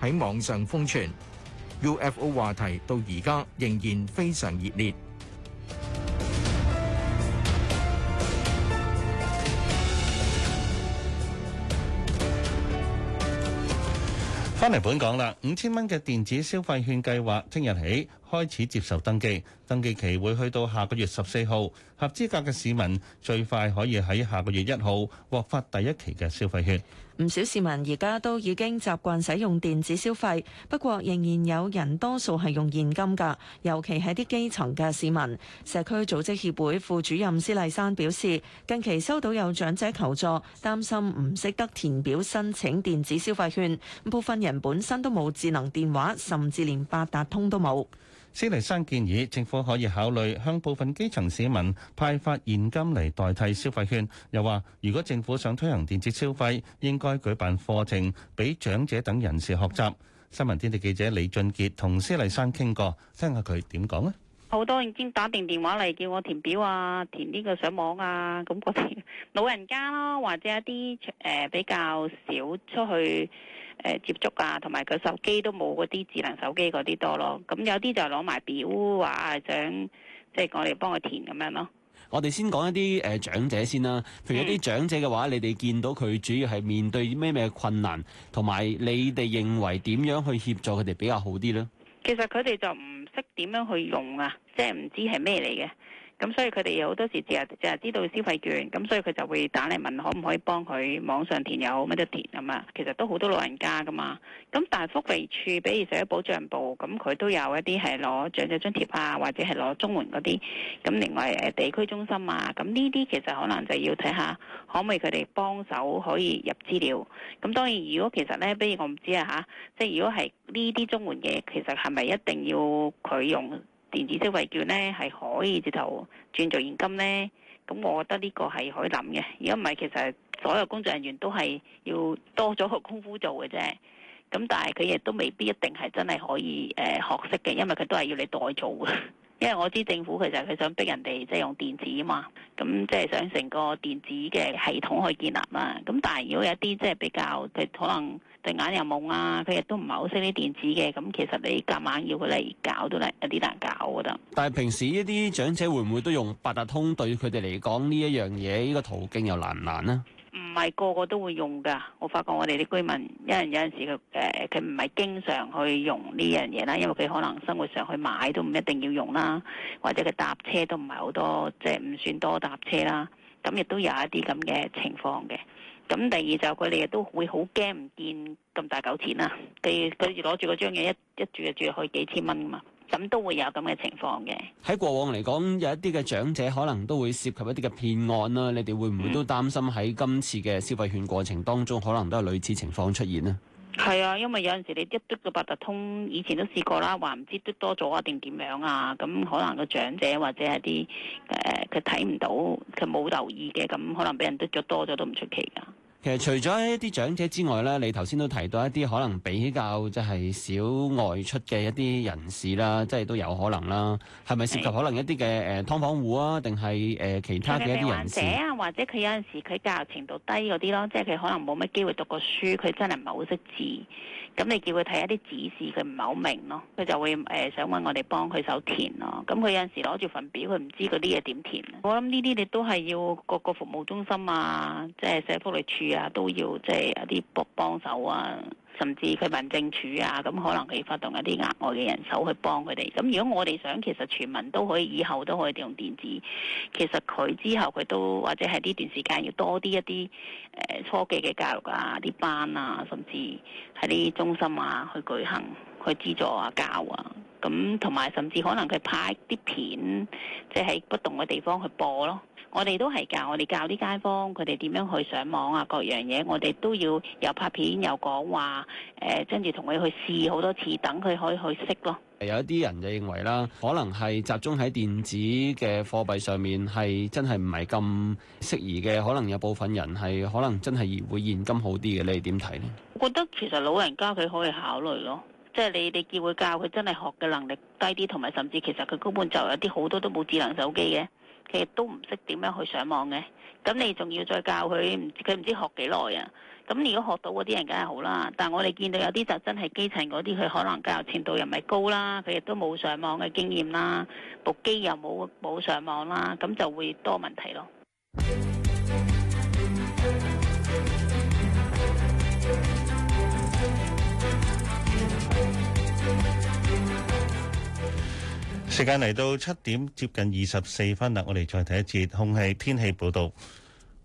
喺網上瘋傳 UFO 話題，到而家仍然非常熱烈。翻嚟本港啦，五千蚊嘅電子消費券計劃，聽日起。開始接受登記，登記期會去到下個月十四號。合資格嘅市民最快可以喺下個月一號獲發第一期嘅消費券。唔少市民而家都已經習慣使用電子消費，不過仍然有人多數係用現金㗎，尤其係啲基層嘅市民。社區組織協會副主任施麗珊表示，近期收到有長者求助，擔心唔識得填表申請電子消費券，部分人本身都冇智能電話，甚至連八達通都冇。施麗珊建議政府可以考慮向部分基層市民派發現金嚟代替消費券。又話如果政府想推行電子消費，應該舉辦課程俾長者等人士學習。新聞天地記者李俊傑同施麗珊傾過，聽下佢點講啊！好多已經打定電話嚟叫我填表啊，填呢個上網啊，咁嗰啲老人家咯，或者一啲誒、呃、比較少出去。誒接觸啊，同埋佢手機都冇嗰啲智能手機嗰啲多咯，咁有啲就攞埋表啊，想即係我哋幫佢填咁樣咯。我哋先講一啲誒、呃、長者先啦，譬如有啲長者嘅話，你哋見到佢主要係面對咩咩困難，同埋你哋認為點樣去協助佢哋比較好啲呢？其實佢哋就唔識點樣去用啊，即係唔知係咩嚟嘅。咁所以佢哋有好多時只係隻係知道消費券，咁所以佢就會打嚟問可唔可以幫佢網上填又好，乜都填咁啊。其實都好多老人家噶嘛。咁但係福利署，比如社會保障部，咁佢都有一啲係攞長者津貼啊，或者係攞綜援嗰啲。咁另外誒地區中心啊，咁呢啲其實可能就要睇下可唔可以佢哋幫手可以入資料。咁當然如果其實咧，比如我唔知啊嚇，即係如果係呢啲綜援嘅，其實係咪一定要佢用？電子消費券呢係可以直頭轉做現金呢。咁我覺得呢個係可以諗嘅。如果唔係，其實所有工作人員都係要多咗個功夫做嘅啫。咁但係佢亦都未必一定係真係可以誒、呃、學識嘅，因為佢都係要你代做嘅。 因為我知政府其實佢想逼人哋即係用電子啊嘛，咁即係想成個電子嘅系統去建立啦。咁但係如果有啲即係比較佢可能對眼又矇啊，佢亦都唔係好識啲電子嘅，咁其實你夾硬要佢嚟搞都咧，有啲難搞，我覺得。但係平時一啲長者會唔會都用八達通對？對佢哋嚟講呢一樣嘢，呢、這個途徑又難唔難呢？唔係個個都會用㗎，我發覺我哋啲居民，一人有陣時佢誒，佢唔係經常去用呢樣嘢啦，因為佢可能生活上去買都唔一定要用啦，或者佢搭車都唔係好多，即係唔算多搭車啦。咁亦都有一啲咁嘅情況嘅。咁第二就佢哋亦都會好驚唔見咁大嚿錢啦，佢佢哋攞住嗰張嘢一一住就住去幾千蚊嘛。咁都會有咁嘅情況嘅。喺過往嚟講，有一啲嘅長者可能都會涉及一啲嘅騙案啦。你哋會唔會都擔心喺今次嘅消費券過程當中，可能都係類似情況出現呢？係啊，嗯，嗯。因為有陣時你一嘟個八達通，以前都試過啦，話唔知嘟多咗定點樣啊？咁可能個長者或者係啲誒，佢睇唔到，佢冇留意嘅，咁可能俾人嘟咗多咗都唔出奇㗎。其實除咗一啲長者之外咧，你頭先都提到一啲可能比較即係少外出嘅一啲人士啦，即係都有可能啦。係咪涉及可能一啲嘅誒劏房戶啊，定係誒其他嘅一啲人士？是，是，或者佢有陣時佢教育程度低嗰啲咯，即係佢可能冇乜機會讀過書，佢真係唔係好識字。咁你叫佢睇一啲指示，佢唔係好明咯，佢就會誒、呃、想問我哋幫佢手填咯。咁佢有陣時攞住份表，佢唔知嗰啲嘢點填。我諗呢啲你都係要各個服務中心啊，即係社福利署啊，都要即係有啲幫幫手啊。甚至佢民政處啊，咁可能佢要發動一啲額外嘅人手去幫佢哋。咁如果我哋想，其實全民都可以，以後都可以用電子。其實佢之後佢都或者係呢段時間要多啲一啲誒初級嘅教育啊，啲班啊，甚至喺啲中心啊去舉行去資助啊教啊。咁同埋甚至可能佢拍啲片，即係喺不同嘅地方去播咯。我哋都係教，我哋教啲街坊佢哋點樣去上網啊，各樣嘢我哋都要又拍片，又講話，誒、呃，跟住同佢去試好多次，等佢可以去識咯。有一啲人就認為啦，可能係集中喺電子嘅貨幣上面係真係唔係咁適宜嘅，可能有部分人係可能真係會現金好啲嘅，你哋點睇呢？我覺得其實老人家佢可以考慮咯，即係你哋叫佢教佢真係學嘅能力低啲，同埋甚至其實佢根本就有啲好多都冇智能手機嘅。其實都唔識點樣去上網嘅，咁你仲要再教佢，唔佢唔知學幾耐啊！咁如果學到嗰啲人，梗係好啦、啊。但係我哋見到有啲就真係基層嗰啲，佢可能教育程度又唔係高啦、啊，佢亦都冇上網嘅經驗啦，部機又冇冇上網啦，咁就會多問題咯。時間嚟到七點接近二十四分啦，我哋再睇一次空氣天氣報道。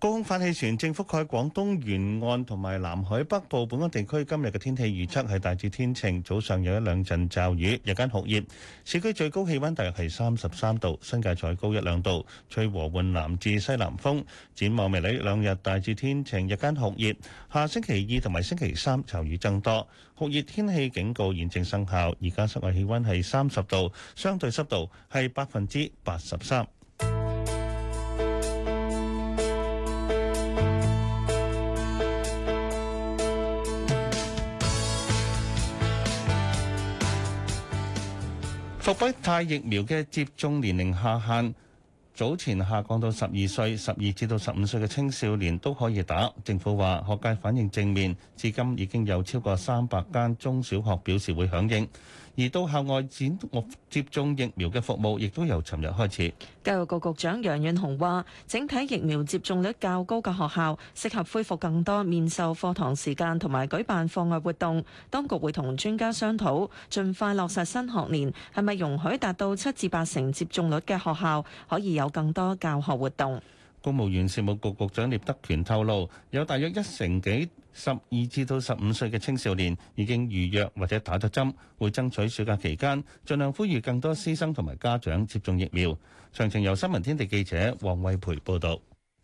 高空反氣旋正覆蓋廣東沿岸同埋南海北部，本港地區，今日嘅天氣預測係大致天晴，早上有一兩陣驟雨，日間酷熱。市區最高氣温大約係三十三度，新界再高一兩度。吹和緩南至西南風，展望未來兩日大致天晴，日間酷熱。下星期二同埋星期三驟雨增多，酷熱天氣警告現正生效。而家室外氣温係三十度，相對濕度係百分之八十三。復必泰疫苗嘅接種年齡下限早前下降到十二歲，十二至到十五歲嘅青少年都可以打。政府話學界反應正面，至今已經有超過三百間中小學表示會響應。而到校外展我接種疫苗嘅服務亦都由尋日開始。教育局局長楊潤雄話，整體疫苗接種率較高嘅學校，適合恢復更多面授課堂時間同埋舉辦課外活動。當局會同專家商討，盡快落實新學年，係咪容許達到七至八成接種率嘅學校，可以有更多教學活動。公務員事務局局,局長聶德權透露，有大約一成幾。十二至到十五歲嘅青少年已經預約或者打咗針，會爭取暑假期間，盡量呼籲更多師生同埋家長接種疫苗。詳情由新聞天地記者黃慧培報道。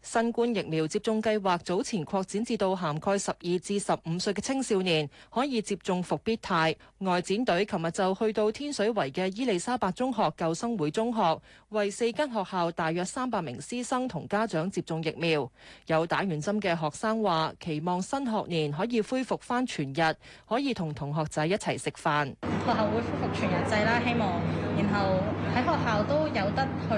新冠疫苗接種計劃早前擴展至到涵蓋十二至十五歲嘅青少年，可以接種復必泰。外展隊琴日就去到天水圍嘅伊麗莎白中學救生會中學為四間學校大約三百名師生同家長接種疫苗。有打完針嘅學生話期望新學年可以恢復翻全日，可以同同學仔一齊食飯，學校會恢復全日制啦，希望然後喺學校都有得去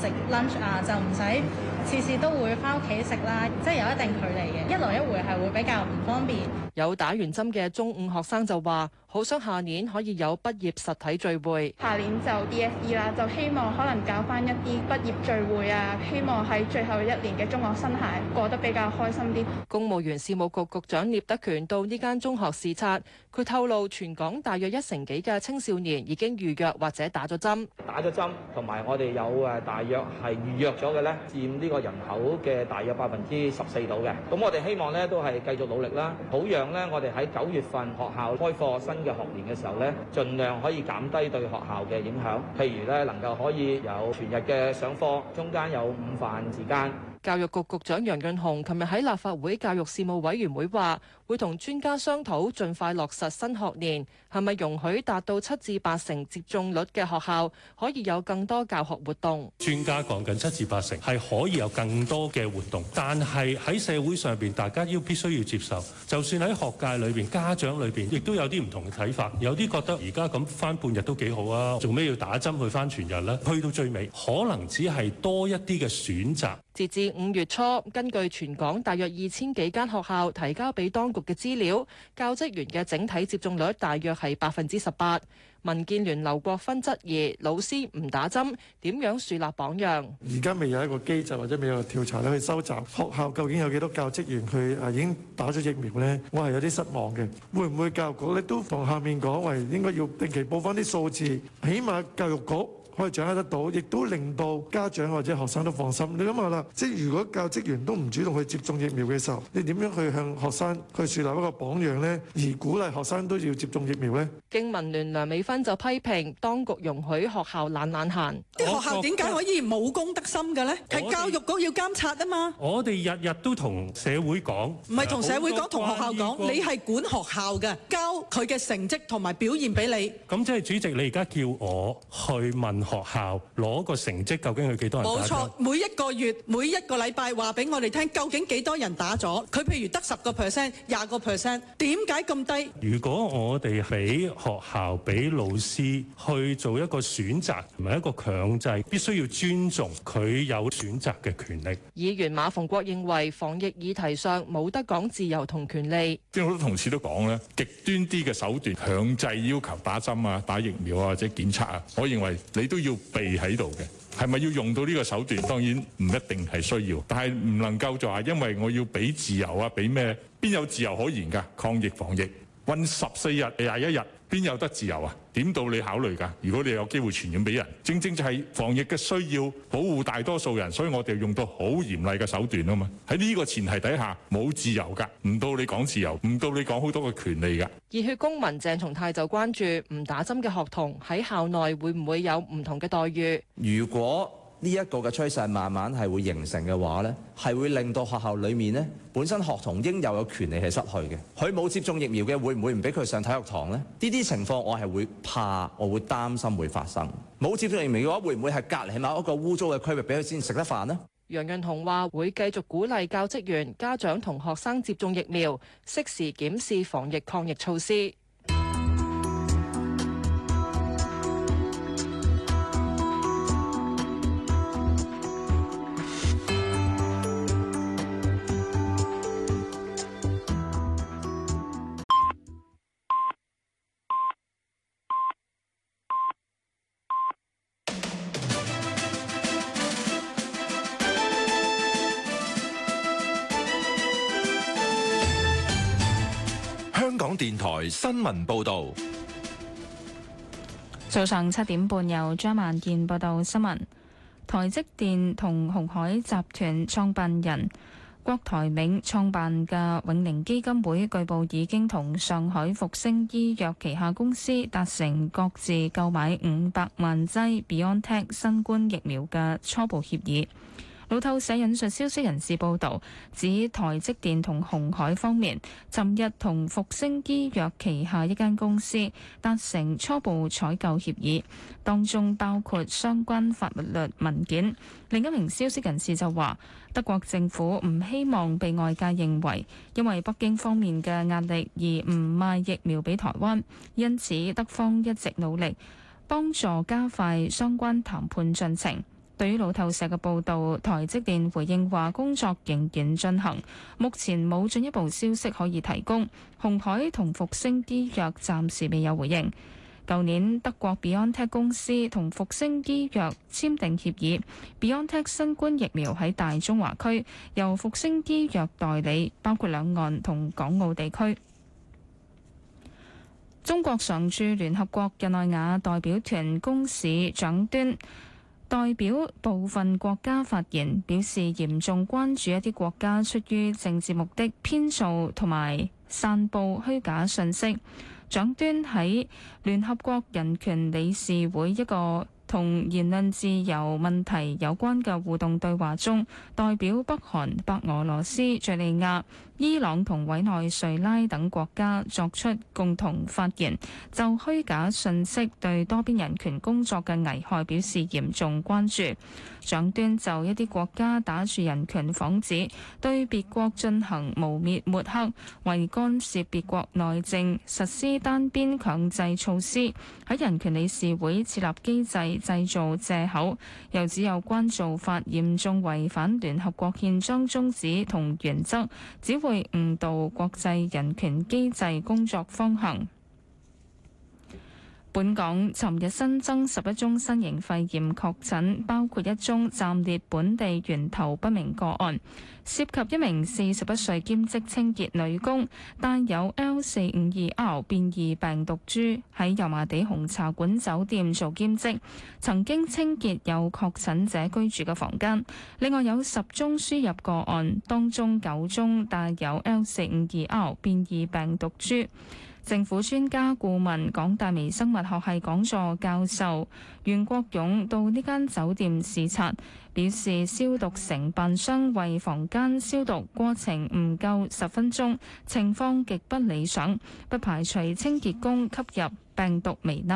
食 lunch 啊，就唔使次次都會。佢翻屋企食啦，即係有一定距離嘅，一來一回係會比較唔方便。有打完針嘅中五學生就話好想下年可以有畢業實體聚會，下年就 DSE 啦，就希望可能搞翻一啲畢業聚會啊！希望喺最後一年嘅中學生涯過得比較開心啲。公務員事務局局，局長聶德權到呢間中學視察，佢透露全港大約一成幾嘅青少年已經預約或者打咗針打咗針同埋我哋有誒大約係預約咗嘅咧，佔呢個人口，嘅大約百分之十四度嘅，咁我哋希望咧都係繼續努力啦，好讓咧我哋喺九月份學校開課新嘅學年嘅時候咧，盡量可以減低對學校嘅影響，譬如咧能夠可以有全日嘅上課，中間有午飯時間。教育局局長楊潤雄琴日喺立法會教育事務委員會話，會同專家商討盡快落實新學年係咪容許達到七至八成接種率嘅學校可以有更多教學活動。專家講緊七至八成係可以有更多嘅活動，但係喺社會上邊大家要必須要接受，就算喺學界裏邊、家長裏邊，亦都有啲唔同嘅睇法。有啲覺得而家咁翻半日都幾好啊，做咩要打針去翻全日呢？去到最尾可能只係多一啲嘅選擇。截至五月初，根據全港大約二千幾間學校提交俾當局嘅資料，教職員嘅整體接種率大約係百分之十八。民建聯劉國勳質疑老師唔打針，點樣樹立榜樣？而家未有一個機制或者未有調查咧，去收集學校究竟有幾多教職員佢啊已經打咗疫苗咧？我係有啲失望嘅。會唔會教育局咧都同下面講，話應該要定期報翻啲數字，起碼教育局。可以掌握得到，亦都令到家長或者學生都放心。你諗下啦，即係如果教職員都唔主動去接種疫苗嘅時候，你點樣去向學生去樹立一個榜樣呢，而鼓勵學生都要接種疫苗呢？經民聯梁美芬就批評當局容許學校懶懶閒，啲學校點解可以冇公德心嘅呢？係教育局要監察啊嘛。我哋日日都同社會講，唔係同社會講，同學校講，你係管學校嘅，交佢嘅成績同埋表現俾你。咁即係主席，你而家叫我去問？學校攞個成績究竟佢幾多人打？冇錯，每一個月、每一個禮拜話俾我哋聽究竟幾多人打咗？佢譬如得十個 percent、廿個 percent，點解咁低？如果我哋俾學校、俾老師去做一個選擇同埋一個強制，必須要尊重佢有選擇嘅權利。議員馬逢國認為防疫議題上冇得講自由同權利。即係好多同事都講咧，極端啲嘅手段強制要求打針啊、打疫苗啊或者檢測啊，我認為你都。都要備喺度嘅，係咪要用到呢個手段？當然唔一定係需要，但係唔能夠就話，因為我要俾自由啊，俾咩？邊有自由可言㗎？抗疫防疫，韞十四日廿一日。邊有得自由啊？點到你考慮㗎？如果你有機會傳染俾人，正正就係防疫嘅需要，保護大多數人，所以我哋用到好嚴厲嘅手段啊嘛。喺呢個前提底下，冇自由㗎，唔到你講自由，唔到你講好多嘅權利㗎。熱血公民鄭松泰就關注唔打針嘅學童喺校內會唔會有唔同嘅待遇，如果呢一個嘅趨勢慢慢係會形成嘅話呢係會令到學校裡面呢本身學童應有嘅權利係失去嘅。佢冇接種疫苗嘅會唔會唔俾佢上體育堂呢？呢啲情況我係會怕，我會擔心會發生，冇接種疫苗嘅話，會唔會係隔離起某一個污糟嘅區域俾佢先食得飯呢？楊潤雄話會繼續鼓勵教職員、家長同學生接種疫苗，適時檢視防疫抗疫措施。電台新聞報道，早上七點半由張萬健報道新聞。台積電同鴻海集團創辦人郭台銘創辦嘅永寧基金會，據報已經同上海復星醫藥旗下公司達成各自購買五百萬劑 Biontech 新冠疫苗嘅初步協議。老透社引述消息人士報道，指台積電同紅海方面尋日同復星醫藥旗下一間公司達成初步採購協議，當中包括相關法律文件。另一名消息人士就話德國政府唔希望被外界認為，因為北京方面嘅壓力而唔賣疫苗俾台灣，因此德方一直努力幫助加快相關談判進程。對於路透社嘅報導，台積電回應話工作仍然進行，目前冇進一步消息可以提供。紅海同復星醫藥暫時未有回應。舊年德國 BioNTech 公司同復星醫藥簽訂協議，BioNTech 新冠疫苗喺大中華區由復星醫藥代理，包括兩岸同港澳地區。中國常駐聯合國日內瓦代表團公使長端，代表部分國家發言，表示嚴重關注一啲國家出於政治目的編造同埋散佈虛假信息。長端喺聯合國人權理事會一個同言論自由問題有關嘅互動對話中，代表北韓、白俄羅斯、敍利亞、伊朗同委內瑞拉等國家作出共同發言，就虛假信息對多邊人權工作嘅危害表示嚴重關注。長端就一啲國家打住人權幌子，對別國進行污蔑抹黑，為干涉別國內政、實施單邊強制措施、喺人權理事會設立機制製造借口，又指有關做法嚴重違反聯合國憲章宗旨同原則，只會，會誤導國際人權機制工作方向。本港尋日新增十一宗新型肺炎確診，包括一宗暫列本地源頭不明個案，涉及一名四十一歲兼職清潔女工，帶有 L 四五二 R 變異病毒株，喺油麻地紅茶館酒店做兼職，曾經清潔有確診者居住嘅房間，另外有十宗輸入個案，當中九宗帶有 L 四五二 R 變異病毒株。政府專家顧問、港大微生物學系講座教授袁國勇到呢間酒店視察，表示消毒承辦商為房間消毒過程唔夠十分鐘，情況極不理想，不排除清潔工吸入病毒微粒。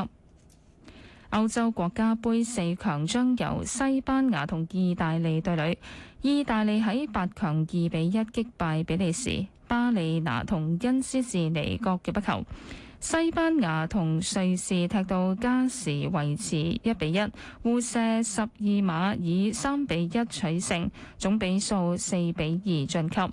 歐洲國家杯四強將由西班牙同意大利對壘，意大利喺八強二比一擊敗比利時。巴里拿同恩斯治尼各嘅不球。西班牙同瑞士踢到加時維持一比一，互射十二碼，以三比一取勝，總比數四比二晉級。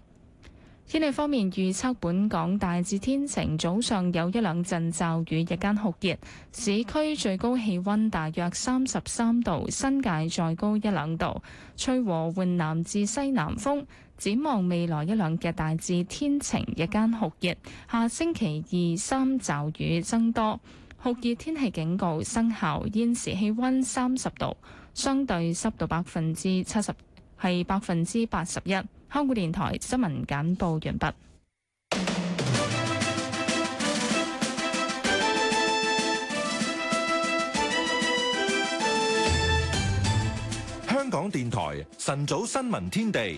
天氣方面預測，本港大致天晴，早上有一兩陣驟雨，日間酷熱，市區最高氣温大約三十三度，新界再高一兩度，吹和緩南至西南風。展望未來一兩日，大致天晴，日間酷熱。下星期二三驟雨增多，酷熱天氣警告生效。現時氣温三十度，相對濕度百分之七十，係百分之八十一。香港電台新聞簡報完畢。香港電台晨早新聞天地。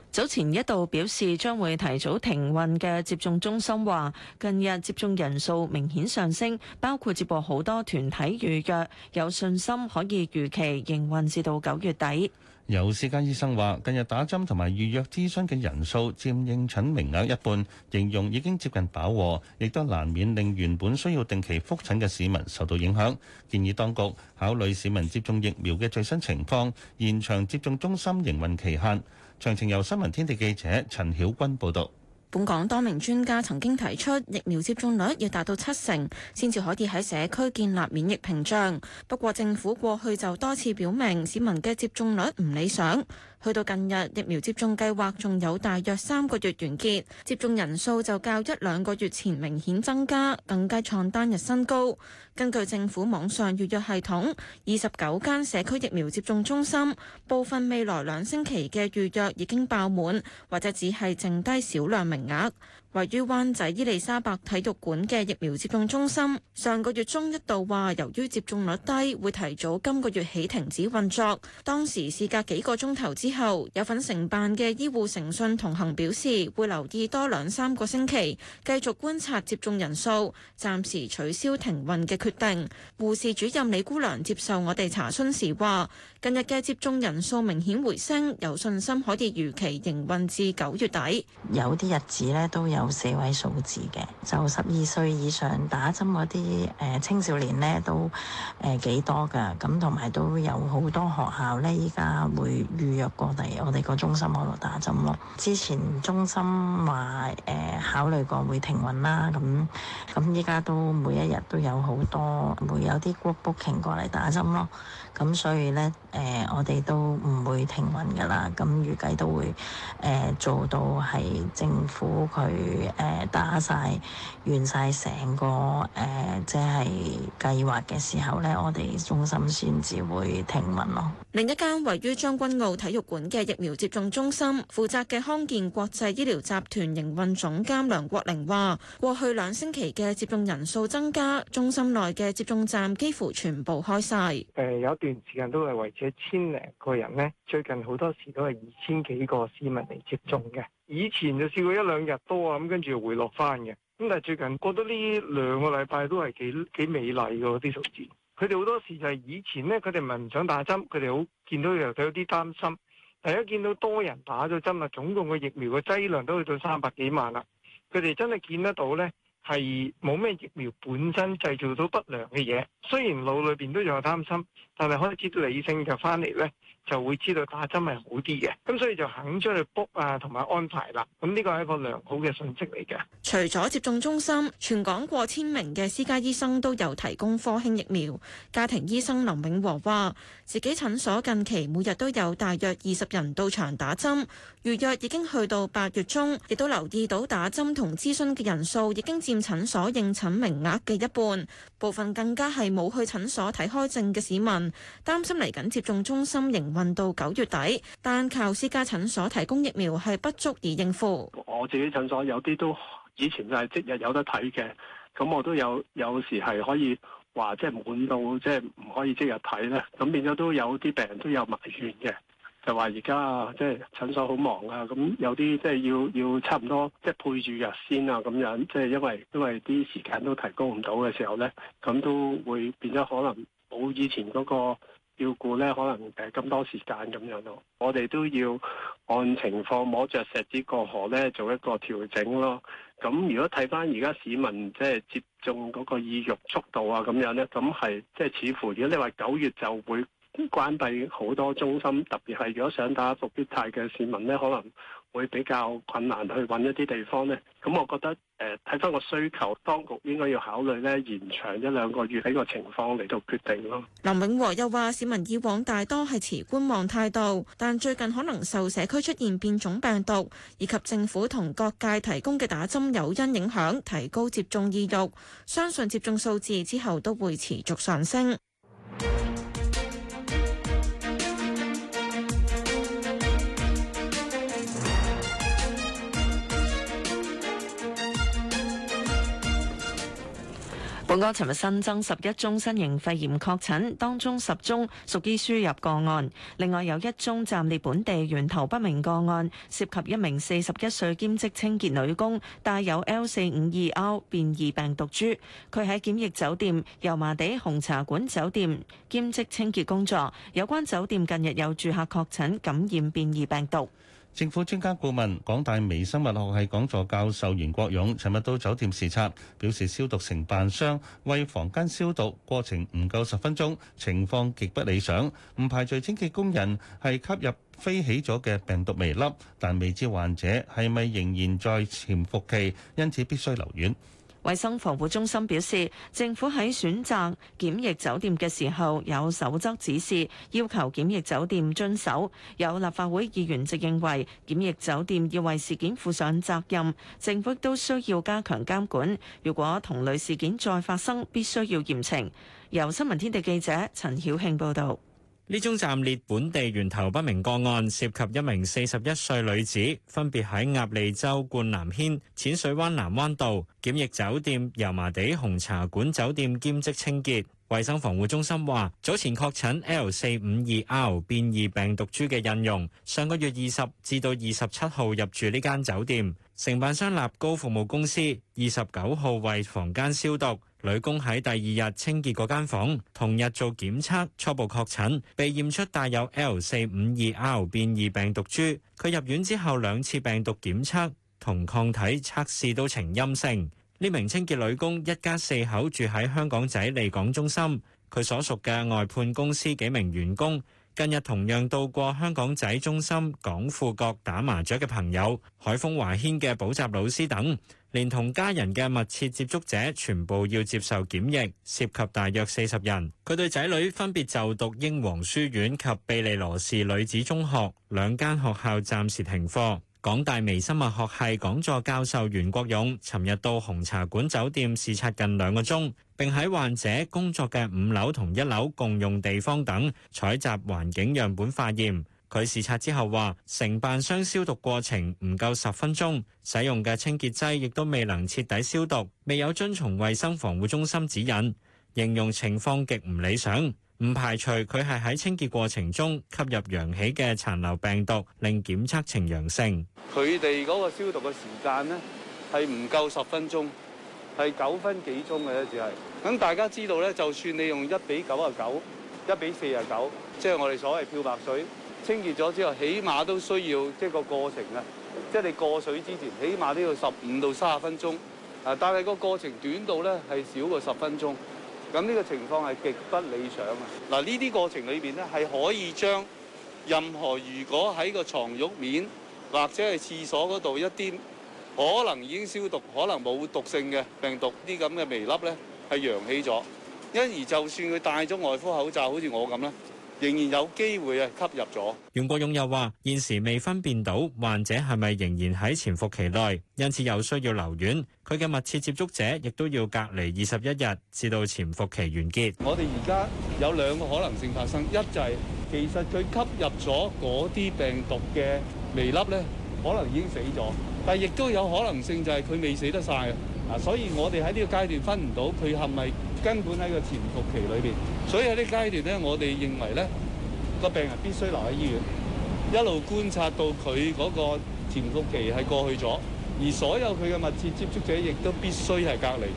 早前一度表示將會提早停運嘅接種中心話近日接種人數明顯上升，包括接獲好多團體預約，有信心可以預期營運至到九月底。有私家醫生話近日打針同埋預約諮詢嘅人數佔應診名額一半，形容已經接近飽和，亦都難免令原本需要定期複診嘅市民受到影響，建議當局考慮市民接種疫苗嘅最新情況，延長接種中心營運期限。詳情由新聞天地記者陳曉君報道。本港多名專家曾經提出，疫苗接種率要達到七成，先至可以喺社區建立免疫屏障。不過，政府過去就多次表明，市民嘅接種率唔理想。去到近日，疫苗接種計劃仲有大約三個月完結，接種人數就較一兩個月前明顯增加，更加創單日新高。根據政府網上預約系統，二十九間社區疫苗接種中心，部分未來兩星期嘅預約已經爆滿，或者只係剩低少量名額。位於灣仔伊利沙伯體育館嘅疫苗接種中心，上個月中一度話由於接種率低，會提早今個月起停止運作。當時事隔幾個鐘頭之後，有份承辦嘅醫護誠信同行表示會留意多兩三個星期，繼續觀察接種人數，暫時取消停運嘅決定。護士主任李姑娘接受我哋查詢時話。近日嘅接種人數明顯回升，有信心可以如期營運至九月底。有啲日子咧，都有四位數字嘅，就十二歲以上打針嗰啲誒青少年咧都誒幾多噶，咁同埋都有好多學校咧，依家會預約過嚟我哋個中心嗰度打針咯。之前中心話誒考慮過會停運啦，咁咁依家都每一日都有好多，會有啲 group booking 過嚟打針咯。咁所以咧，誒、呃、我哋都唔會停運噶啦，咁預計都會誒、呃、做到係政府佢誒、呃、打晒、完晒成個誒、呃、即係計劃嘅時候咧，我哋中心先至會停運咯。另一間位於將軍澳體育館嘅疫苗接種中心，負責嘅康健國際醫療集團營運總監梁國玲話，過去兩星期嘅接種人數增加，中心內嘅接種站幾乎全部開晒。誒有一段時間都係維持喺一千零個人咧，最近好多時都係二千幾個市民嚟接種嘅。以前就試過一兩日多咁，跟住回落翻嘅。咁但係最近過咗呢兩個禮拜都係幾幾美麗嗰啲數字。佢哋好多時就係以前呢佢哋唔係唔想打針，佢哋好見到有有啲擔心。但係而家見到多人打咗針啊，總共嘅疫苗嘅劑量都去到三百幾萬啦，佢哋真係見得到呢係冇咩疫苗本身製造到不良嘅嘢。雖然腦裏邊都仲有擔心。但係咪開始都理性就翻嚟咧，就會知道打針係好啲嘅，咁所以就肯出去 book 啊，同埋安排啦。咁呢個係一個良好嘅信息嚟嘅。除咗接種中心，全港過千名嘅私家醫生都有提供科興疫苗。家庭醫生林永和話，自己診所近期每日都有大約二十人到場打針，預約已經去到八月中，亦都留意到打針同諮詢嘅人數已經佔診所應診名額嘅一半，部分更加係冇去診所睇開症嘅市民。擔心嚟緊接種中心營運到九月底，但靠私家診所提供疫苗係不足以應付。我自己診所有啲都以前就係即日有得睇嘅，咁我都有有時係可以話即係滿到即係唔可以即日睇咧，咁變咗都有啲病人都有埋怨嘅，就話而家即係診所好忙啊，咁有啲即係要要差唔多即係配住日先啊咁樣，即係因為因為啲時間都提供唔到嘅時候咧，咁都會變咗可能。冇以前嗰個照顧呢，可能誒咁多時間咁樣咯。我哋都要按情況摸着石子過河呢，做一個調整咯。咁如果睇返而家市民即係、就是、接種嗰個意欲速度啊，咁樣呢，咁係即係似乎如果你話九月就會關閉好多中心，特別係如果想打復必泰嘅市民呢，可能，會比較困難去揾一啲地方呢，咁我覺得誒，睇翻個需求，當局應該要考慮呢：延長一兩個月喺個情況嚟做決定咯。林永和又話，市民以往大多係持觀望態度，但最近可能受社區出現變種病毒以及政府同各界提供嘅打針有因影響，提高接種意欲，相信接種數字之後都會持續上升。本港尋日新增十一宗新型肺炎確診，當中十宗屬於輸入個案，另外有一宗暫列本地源頭不明個案，涉及一名四十一歲兼職清潔女工，帶有 L 四五二 R 變異病毒株。佢喺檢疫酒店油麻地紅茶館酒店兼職清潔工作，有關酒店近日有住客確診感染變異病毒。政府專家顧問、港大微生物學系講座教授袁國勇尋日到酒店視察，表示消毒承辦商為房間消毒過程唔夠十分鐘，情況極不理想。唔排除清潔工人係吸入飛起咗嘅病毒微粒，但未知患者係咪仍然在潛伏期，因此必須留院。衛生防護中心表示，政府喺選擇檢疫酒店嘅時候有守則指示，要求檢疫酒店遵守。有立法會議員就認為，檢疫酒店要為事件負上責任，政府都需要加強監管。如果同類事件再發生，必須要嚴懲。由新聞天地記者陳曉慶報道。呢宗暫列本地源頭不明個案，涉及一名四十一歲女子，分別喺鴨脷洲冠南軒、淺水灣南灣道檢疫酒店、油麻地紅茶館酒店兼職清潔。衛生防護中心話，早前確診 L 四五二 R 變異病毒株嘅印傭，上個月二十至到二十七號入住呢間酒店，承辦商立高服務公司，二十九號為房間消毒。女工喺第二日清潔嗰間房，同日做檢測，初步確診，被驗出帶有 L 四五二 R 變異病毒株。佢入院之後兩次病毒檢測同抗體測試都呈陰性。呢名清潔女工一家四口住喺香港仔利港中心，佢所屬嘅外判公司幾名員工，近日同樣到過香港仔中心港富閣打麻雀嘅朋友，海豐華軒嘅補習老師等。連同家人嘅密切接觸者全部要接受檢疫，涉及大約四十人。佢對仔女分別就讀英皇書院及庇理羅士女子中學，兩間學校暫時停課。港大微生物學系講座教授袁國勇尋日到紅茶館酒店視察近兩個鐘，並喺患者工作嘅五樓同一樓共用地方等採集環境樣本化驗。佢視察之後話，承辦商消毒過程唔夠十分鐘，使用嘅清潔劑亦都未能徹底消毒，未有遵從衞生防護中心指引，形容情況極唔理想，唔排除佢係喺清潔過程中吸入揚起嘅殘留病毒，令檢測呈陽性。佢哋嗰個消毒嘅時間呢，係唔夠十分鐘，係九分幾鐘嘅只係。咁大家知道咧，就算你用一比九啊九，一比四啊九，即係我哋所謂漂白水。清潔咗之後，起碼都需要即係個過程啊！即係你過水之前，起碼都要十五到三十分鐘啊。但係個過程短到咧，係少過十分鐘。咁呢個情況係極不理想啊！嗱，呢啲過程裏邊咧，係可以將任何如果喺個床褥面或者係廁所嗰度一啲可能已經消毒、可能冇毒性嘅病毒啲咁嘅微粒咧，係揚起咗。因而就算佢戴咗外科口罩，好似我咁咧。仍然有機會啊！吸入咗。袁國勇又話：現時未分辨到患者係咪仍然喺潛伏期內，因此有需要留院。佢嘅密切接觸者亦都要隔離二十一日至到潛伏期完結。我哋而家有兩個可能性發生，一就係其實佢吸入咗嗰啲病毒嘅微粒咧，可能已經死咗，但係亦都有可能性就係佢未死得曬。所以我哋喺呢個階段分唔到佢係咪根本喺個潛伏期裏邊，所以喺呢階段咧，我哋認為咧，個病人必須留喺醫院，一路觀察到佢嗰個潛伏期係過去咗，而所有佢嘅密切接觸者亦都必須係隔離。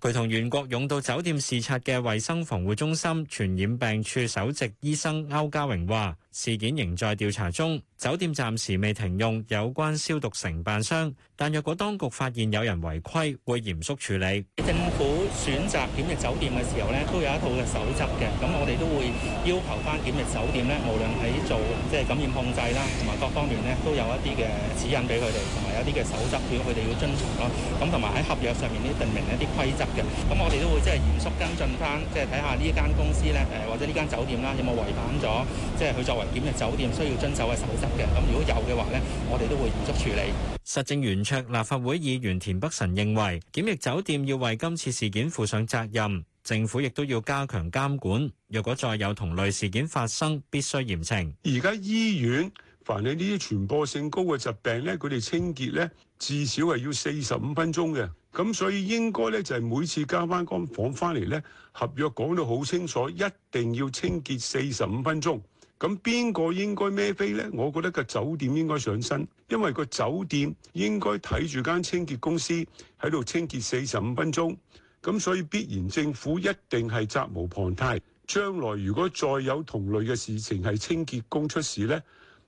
佢同袁國勇到酒店視察嘅衞生防護中心傳染病處首席醫生歐家榮話。事件仍在調查中，酒店暫時未停用有關消毒承辦商，但若果當局發現有人違規，會嚴肅處理。政府選擇檢疫酒店嘅時候咧，都有一套嘅守則嘅。咁我哋都會要求翻檢疫酒店咧，無論喺做即係感染控制啦，同埋各方面咧，都有一啲嘅指引俾佢哋，同埋有啲嘅守則表佢哋要遵從咯。咁同埋喺合約上面啲定明一啲規則嘅。咁我哋都會即係嚴肅跟進翻，即係睇下呢一間公司咧，誒或者呢間酒店啦，有冇違反咗即係佢作為。檢疫酒店需要遵守嘅守則嘅，咁如果有嘅話咧，我哋都會嚴肅處理。實政圓桌立法會議員田北辰認為，檢疫酒店要為今次事件負上責任，政府亦都要加強監管。若果再有同類事件發生，必須嚴懲。而家醫院凡係呢啲傳播性高嘅疾病咧，佢哋清潔咧至少係要四十五分鐘嘅，咁所以應該咧就係每次加翻間房翻嚟咧，合約講到好清楚，一定要清潔四十五分鐘。咁邊個應該孭飛呢？我覺得個酒店應該上身，因為個酒店應該睇住間清潔公司喺度清潔四十五分鐘，咁所以必然政府一定係責無旁貸。將來如果再有同類嘅事情係清潔工出事呢，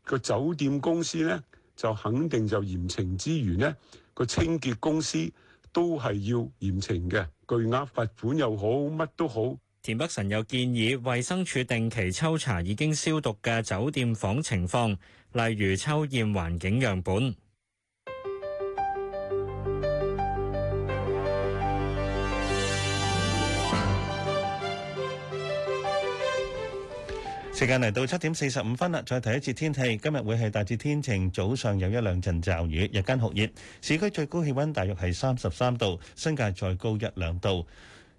個酒店公司呢就肯定就嚴懲之餘呢，個清潔公司都係要嚴懲嘅，巨額罰款又好，乜都好。田北辰又建議，衛生署定期抽查已經消毒嘅酒店房情況，例如抽驗環境樣本。時間嚟到七點四十五分啦，再睇一次天氣。今日會係大致天晴，早上有一兩陣驟雨，日間酷熱，市區最高氣温大約係三十三度，新界再高一兩度。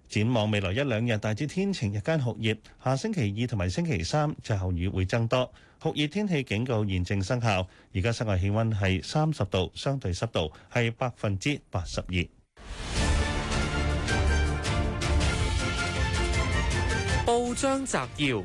展望未來一兩日大致天晴，日間酷熱。下星期二同埋星期三，驟雨會增多，酷熱天氣警告現正生效。而家室外氣温係三十度，相對濕度係百分之八十二。報章摘要。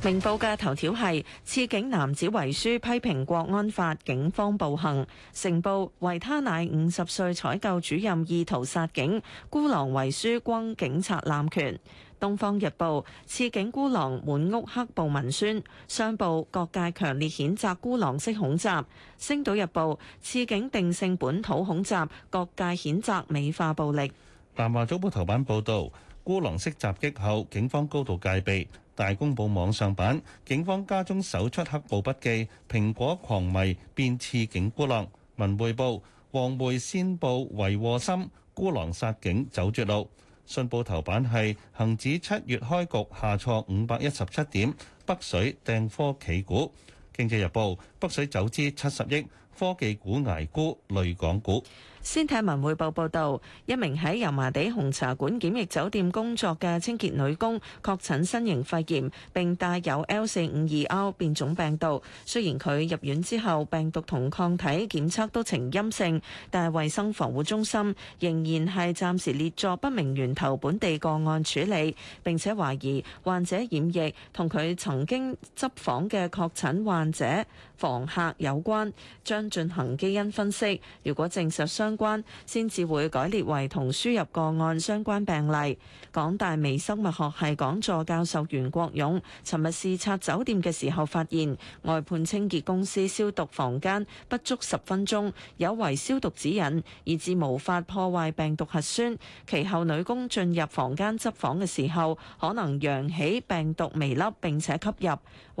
明報嘅頭條係：刺警男子遺書批評國安法，警方暴行。成報維他奶五十歲採購主任意圖殺警，孤狼遺書轟警察濫權。東方日報刺警孤狼滿屋黑布文宣。商報各界強烈譴責孤狼式恐襲。星島日報刺警定性本土恐襲，各界譴責美化暴力。南華早報頭版報道。孤狼式襲擊後，警方高度戒備。大公報網上版，警方家中搜出黑暴筆記。蘋果狂迷變刺警孤狼。文匯報，黃媒先報為禍心，孤狼殺警走絕路。信報頭版係恆指七月開局下挫五百一十七點，北水掟科企股。經濟日報，北水走資七十億，科技股捱沽，累港股。先睇文匯報報道，一名喺油麻地紅茶館檢疫酒店工作嘅清潔女工確診新型肺炎，並帶有 L 四五二 R 變種病毒。雖然佢入院之後病毒同抗體檢測都呈陰性，但係衛生防護中心仍然係暫時列作不明源頭本地個案處理，並且懷疑患者染疫同佢曾經執房嘅確診患者房客有關，將進行基因分析，如果證實相關，先至會改列為同輸入個案相關病例。港大微生物學系講座教授袁國勇，尋日視察酒店嘅時候發現，外判清潔公司消毒房間不足十分鐘，有違消毒指引，以致無法破壞病毒核酸。其後女工進入房間執房嘅時候，可能揚起病毒微粒並且吸入。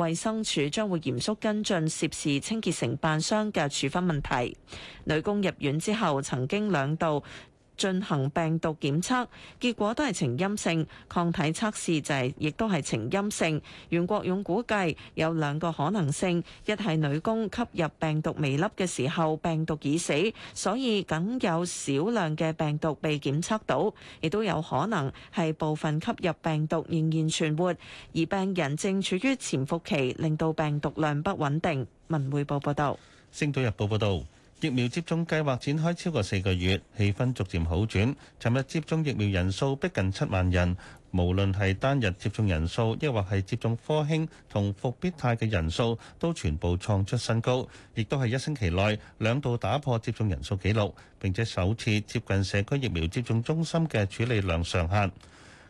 衛生署將會嚴肅跟進是清潔承辦商嘅處分問題。女工入院之後，曾經兩度進行病毒檢測，結果都係呈陰性；抗體測試就亦都係呈陰性。袁國勇估計有兩個可能性：一係女工吸入病毒微粒嘅時候，病毒已死，所以僅有少量嘅病毒被檢測到；亦都有可能係部分吸入病毒仍然存活，而病人正處於潛伏期，令到病毒量不穩定。文匯報報導，《星島日報》報導。疫苗接種計劃展開超過四個月，氣氛逐漸好轉。尋日接種疫苗人數逼近七萬人，無論係單日接種人數，抑或係接種科興同復必泰嘅人數，都全部創出新高，亦都係一星期內兩度打破接種人數紀錄，並且首次接近社區疫苗接種中心嘅處理量上限。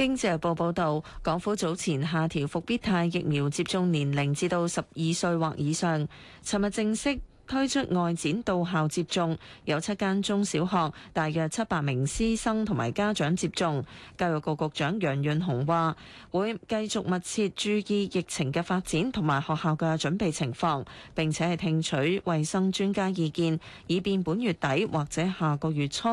《經濟日報》報導，港府早前下調復必泰疫苗接種年齡至到十二歲或以上。尋日正式推出外展到校接種，有七間中小學，大約七百名師生同埋家長接種。教育局局長楊潤雄話，會繼續密切注意疫情嘅發展同埋學校嘅準備情況，並且係聽取衞生專家意見，以便本月底或者下個月初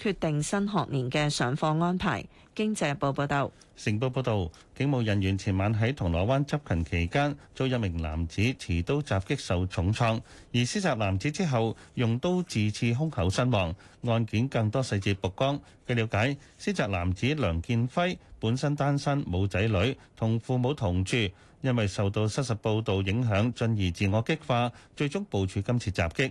決定新學年嘅上課安排。經濟日報報導，成報報導，警務人員前晚喺銅鑼灣執勤期間遭一名男子持刀襲擊受重創，而施襲男子之後用刀自刺胸口身亡，案件更多細節曝光。據了解，施襲男子梁建輝本身單身冇仔女，同父母同住，因為受到失實報導影響，進而自我激化，最終部署今次襲擊。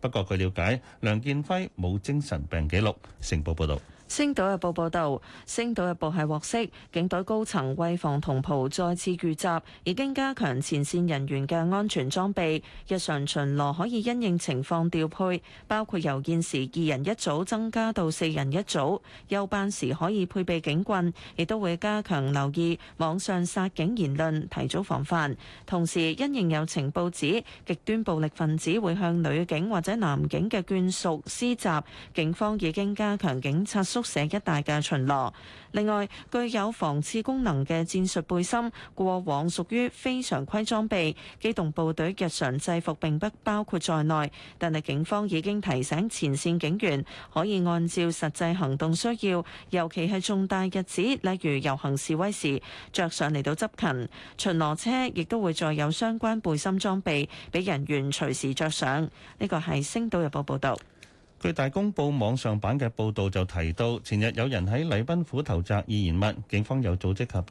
不過據了解，梁建輝冇精神病記錄。成報報導。《星島日報》報道，《星島日報》係獲悉，警隊高層為防同袍再次遇襲，已經加強前線人員嘅安全裝備，日常巡邏可以因應情況調配，包括由現時二人一組增加到四人一組。休班時可以配備警棍，亦都會加強留意網上殺警言論，提早防範。同時，因應有情報指極端暴力分子會向女警或者男警嘅眷屬施襲，警方已經加強警察宿舍一帶嘅巡邏。另外，具有防刺功能嘅戰術背心，過往屬於非常規裝備，機動部隊日常制服並不包括在內。但係警方已經提醒前線警員，可以按照實際行動需要，尤其係重大日子，例如遊行示威時，着上嚟，到執勤。巡邏車亦都會載有相關背心裝備，俾人員隨時着上。呢、這個係《星島日報》報道。據《大公報》網上版嘅報導就提到，前日有人喺禮賓府投擲易燃物，警方有組織及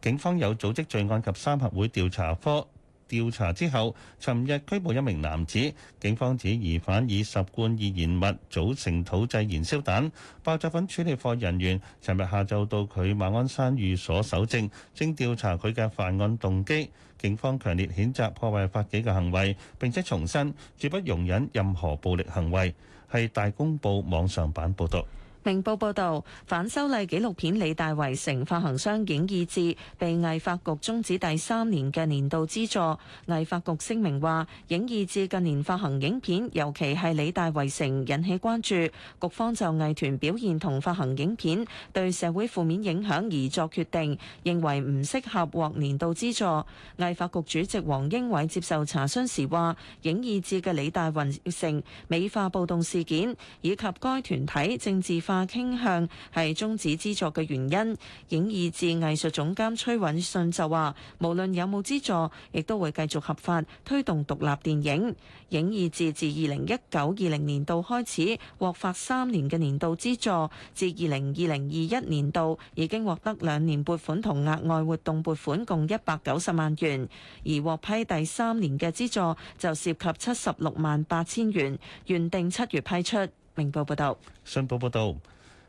警方有組織罪案及三合會調查科調查之後，尋日拘捕一名男子。警方指疑犯以十罐易燃物組成土製燃燒彈。爆炸品處理課人員尋日下晝到佢馬鞍山寓所搜證，正調查佢嘅犯案動機。警方強烈譴責破壞法紀嘅行為，並且重申絕不容忍任何暴力行為。係大公報網上版報道。明報報導，反修例紀錄片理大圍城發行商影意志被藝發局終止第三年嘅年度資助。藝發局聲明話，影意志近年發行影片，尤其係理大圍城引起關注，局方就藝團表現同發行影片對社會負面影響而作決定，認為唔適合獲年度資助。藝發局主席黃英偉接受查詢時話，影意志嘅理大圍城美化暴動事件，以及該團體政治化。傾向係終止資助嘅原因。影意志藝術總監崔允信就話，無論有冇資助，亦都會繼續合法推動獨立電影。影意志自二零一九二零年度開始獲發三年嘅年度資助，自二零二零二一年度，年度已經獲得兩年撥款同額外活動撥款共一百九十萬元，而獲批第三年嘅資助就涉及七十六萬八千元，原定七月批出。明報報道：「信報報道，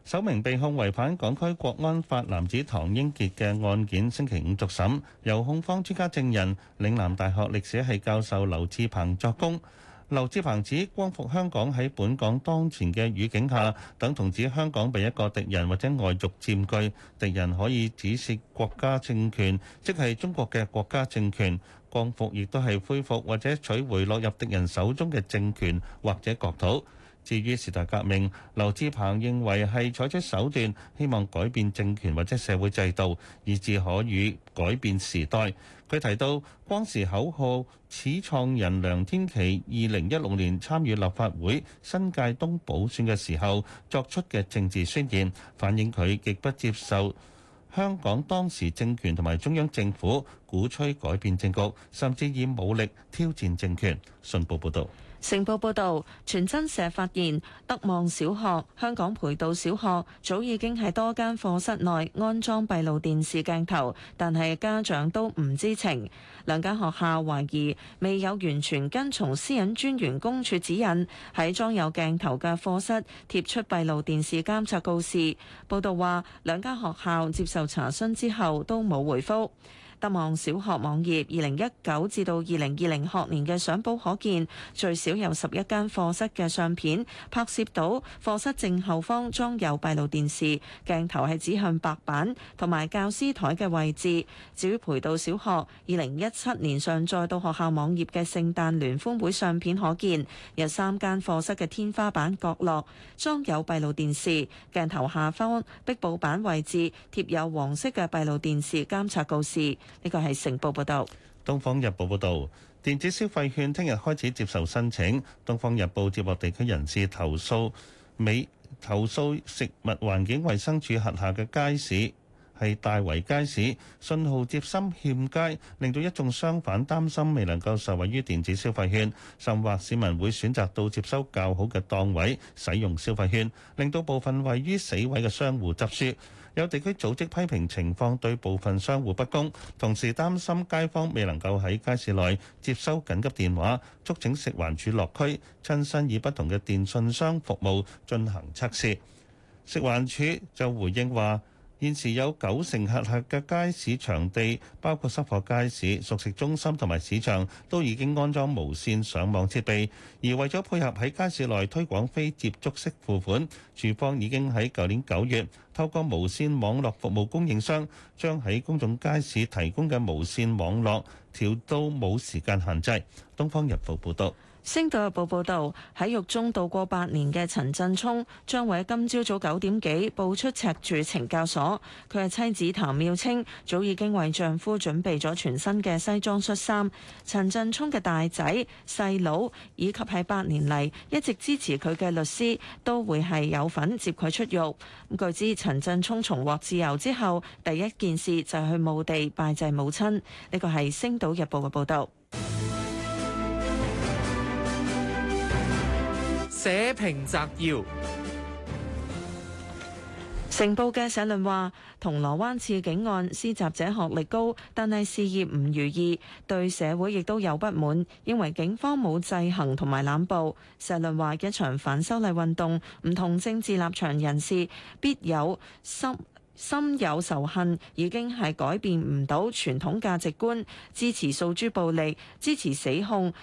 首名被控違反港區國安法男子唐英傑嘅案件，星期五續審，由控方專家證人嶺南大學歷史系教授劉智鵬作供。劉智鵬指光復香港喺本港當前嘅語境下，等同指香港被一個敵人或者外族佔據，敵人可以指涉國家政權，即係中國嘅國家政權。光復亦都係恢復或者取回落入敵人手中嘅政權或者國土。至於時代革命，劉智鵬認為係採取手段，希望改變政權或者社會制度，以至可以改變時代。佢提到，光時口號始創人梁天琦，二零一六年參與立法會新界東補選嘅時候，作出嘅政治宣言，反映佢極不接受香港當時政權同埋中央政府鼓吹改變政局，甚至以武力挑戰政權。信報報導。成報報導，傳真社發現德望小學、香港培道小學早已經喺多間課室內安裝閉路電視鏡頭，但係家長都唔知情。兩間學校懷疑未有完全跟從私隱專員公署指引，喺裝有鏡頭嘅課室貼出閉路電視監察告示。報導話，兩間學校接受查詢之後都冇回覆。德望小學網頁二零一九至到二零二零學年嘅相簿可見，最少有十一間課室嘅相片拍攝到課室正後方裝有閉路電視，鏡頭係指向白板同埋教師台嘅位置。至於培道小學二零一七年上載到學校網頁嘅聖誕聯歡會相片可見，有三間課室嘅天花板角落裝有閉路電視，鏡頭下方壁布板位置貼有黃色嘅閉路電視監察告示。呢個係成報報導，《東方日報》報導，電子消費券聽日開始接受申請。《東方日報》接獲地區人士投訴美，美投訴食物環境衞生署轄下嘅街市係大圍街市，信號接收欠佳，令到一眾商販擔心未能夠受惠於電子消費券，甚或市民會選擇到接收較好嘅檔位使用消費券，令到部分位於死位嘅商戶執輸。有地區組織批評情況對部分商戶不公，同時擔心街坊未能夠喺街市內接收緊急電話，促請食環署落區，親身以不同嘅電訊商服務進行測試。食環署就回應話。現時有九成客客嘅街市場地，包括濕貨街市、熟食中心同埋市場，都已經安裝無線上網設備。而為咗配合喺街市內推廣非接觸式付款，署方已經喺舊年九月，透過無線網絡服務供應商，將喺公眾街市提供嘅無線網絡調到冇時間限制。《東方日報》報道。《星島日報》報導，喺獄中度過八年嘅陳振聰，將會喺今朝早九點幾步出赤柱懲教所。佢嘅妻子譚妙清早已經為丈夫準備咗全新嘅西裝恤衫。陳振聰嘅大仔、細佬以及喺八年嚟一直支持佢嘅律師，都會係有份接佢出獄。咁據知，陳振聰重獲自由之後，第一件事就係去墓地拜祭母親。呢個係《星島日報》嘅報導。社評摘要，成報嘅社論話：銅鑼灣刺警案施襲者學歷高，但係事業唔如意，對社會亦都有不滿，認為警方冇制衡同埋濫捕。社論話：一場反修例運動，唔同政治立場人士必有心心，有仇恨，已經係改變唔到傳統價值觀，支持訴諸暴力，支持死控。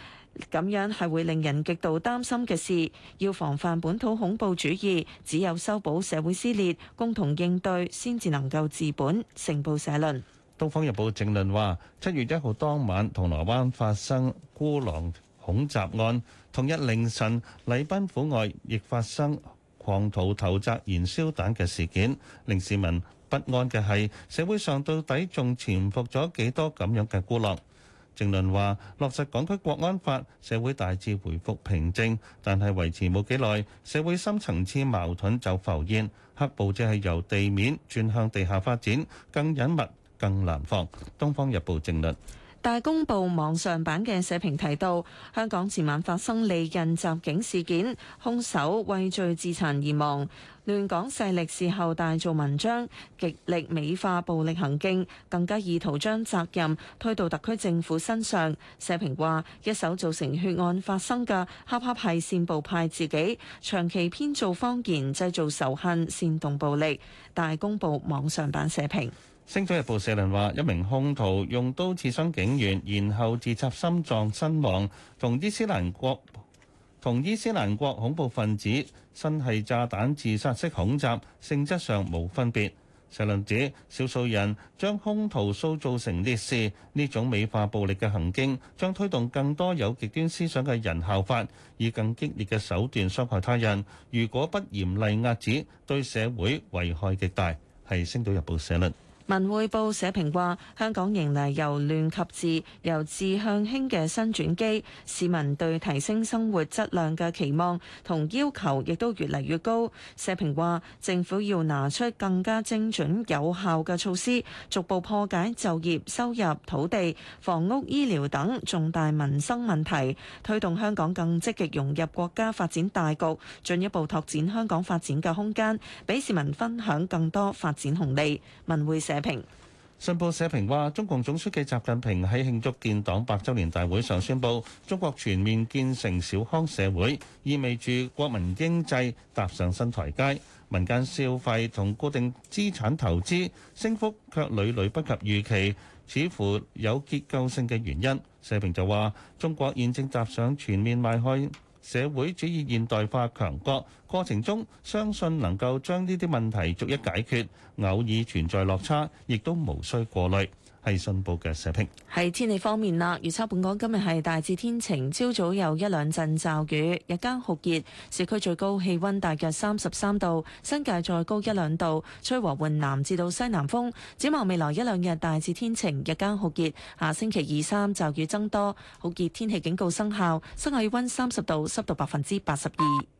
咁樣係會令人極度擔心嘅事，要防範本土恐怖主義，只有修補社會撕裂，共同應對，先至能夠治本。成報社論，《東方日報》正論話：七月一號當晚，銅鑼灣發生孤狼恐襲案；同日凌晨，禮賓府外亦發生狂徒投擲燃燒彈嘅事件。令市民不安嘅係，社會上到底仲潛伏咗幾多咁樣嘅孤狼？正論話：落實港區國安法，社會大致回復平靜，但係維持冇幾耐，社會深層次矛盾就浮現，黑暴即係由地面轉向地下發展，更隱密、更難防。《東方日報》正論。大公報網上版嘅社評提到，香港前晚發生利刃襲警事件，兇手畏罪自殘而亡，亂港勢力事後大做文章，極力美化暴力行徑，更加意圖將責任推到特區政府身上。社評話，一手造成血案發生嘅，恰恰係煽暴派自己，長期編造謊言，製造仇恨，煽動暴力。大公報網上版社評。星島日報社論話：一名兇徒用刀刺傷警員，然後自刺心臟身亡。同伊斯蘭國同伊斯蘭國恐怖分子身係炸彈自殺式恐襲，性質上無分別。社論指，少數人將兇徒塑造成烈士，呢種美化暴力嘅行徑，將推動更多有極端思想嘅人效法，以更激烈嘅手段傷害他人。如果不嚴厲遏止，對社會危害極大。係星島日報社論。文匯報社評話,香港迎嚟由亂及治由治向興嘅新轉機,市民對提升生活質量嘅期望同要求亦都越來越高。社評話,政府要拿出更加精準有效嘅措施,逐步破解就業,收入,土地,房屋,醫療等重大民生問題,推動香港更積極融入國家發展大局,進一步拓展香港發展嘅空間,俾市民分享更多發展紅利。文匯社。評。信報社評話，中共總書記習近平喺慶祝建黨百周年大會上宣布，中國全面建成小康社會，意味住國民經濟踏上新台階。民間消費同固定資產投資升幅卻屢屢不及預期，似乎有結構性嘅原因。社評就話，中國現正踏上全面邁開。社會主義現代化強國過程中，相信能夠將呢啲問題逐一解決，偶爾存在落差，亦都無需過慮。係信報嘅社評，喺天氣方面啦，預測本港今日係大致天晴，朝早有一兩陣驟雨，日間酷熱，市區最高氣温大約三十三度，新界再高一兩度，吹和緩南至到西南風。展望未來一兩日大致天晴，日間酷熱，下星期二三驟雨增多，酷熱天氣警告生效，室外温三十度，濕度百分之八十二。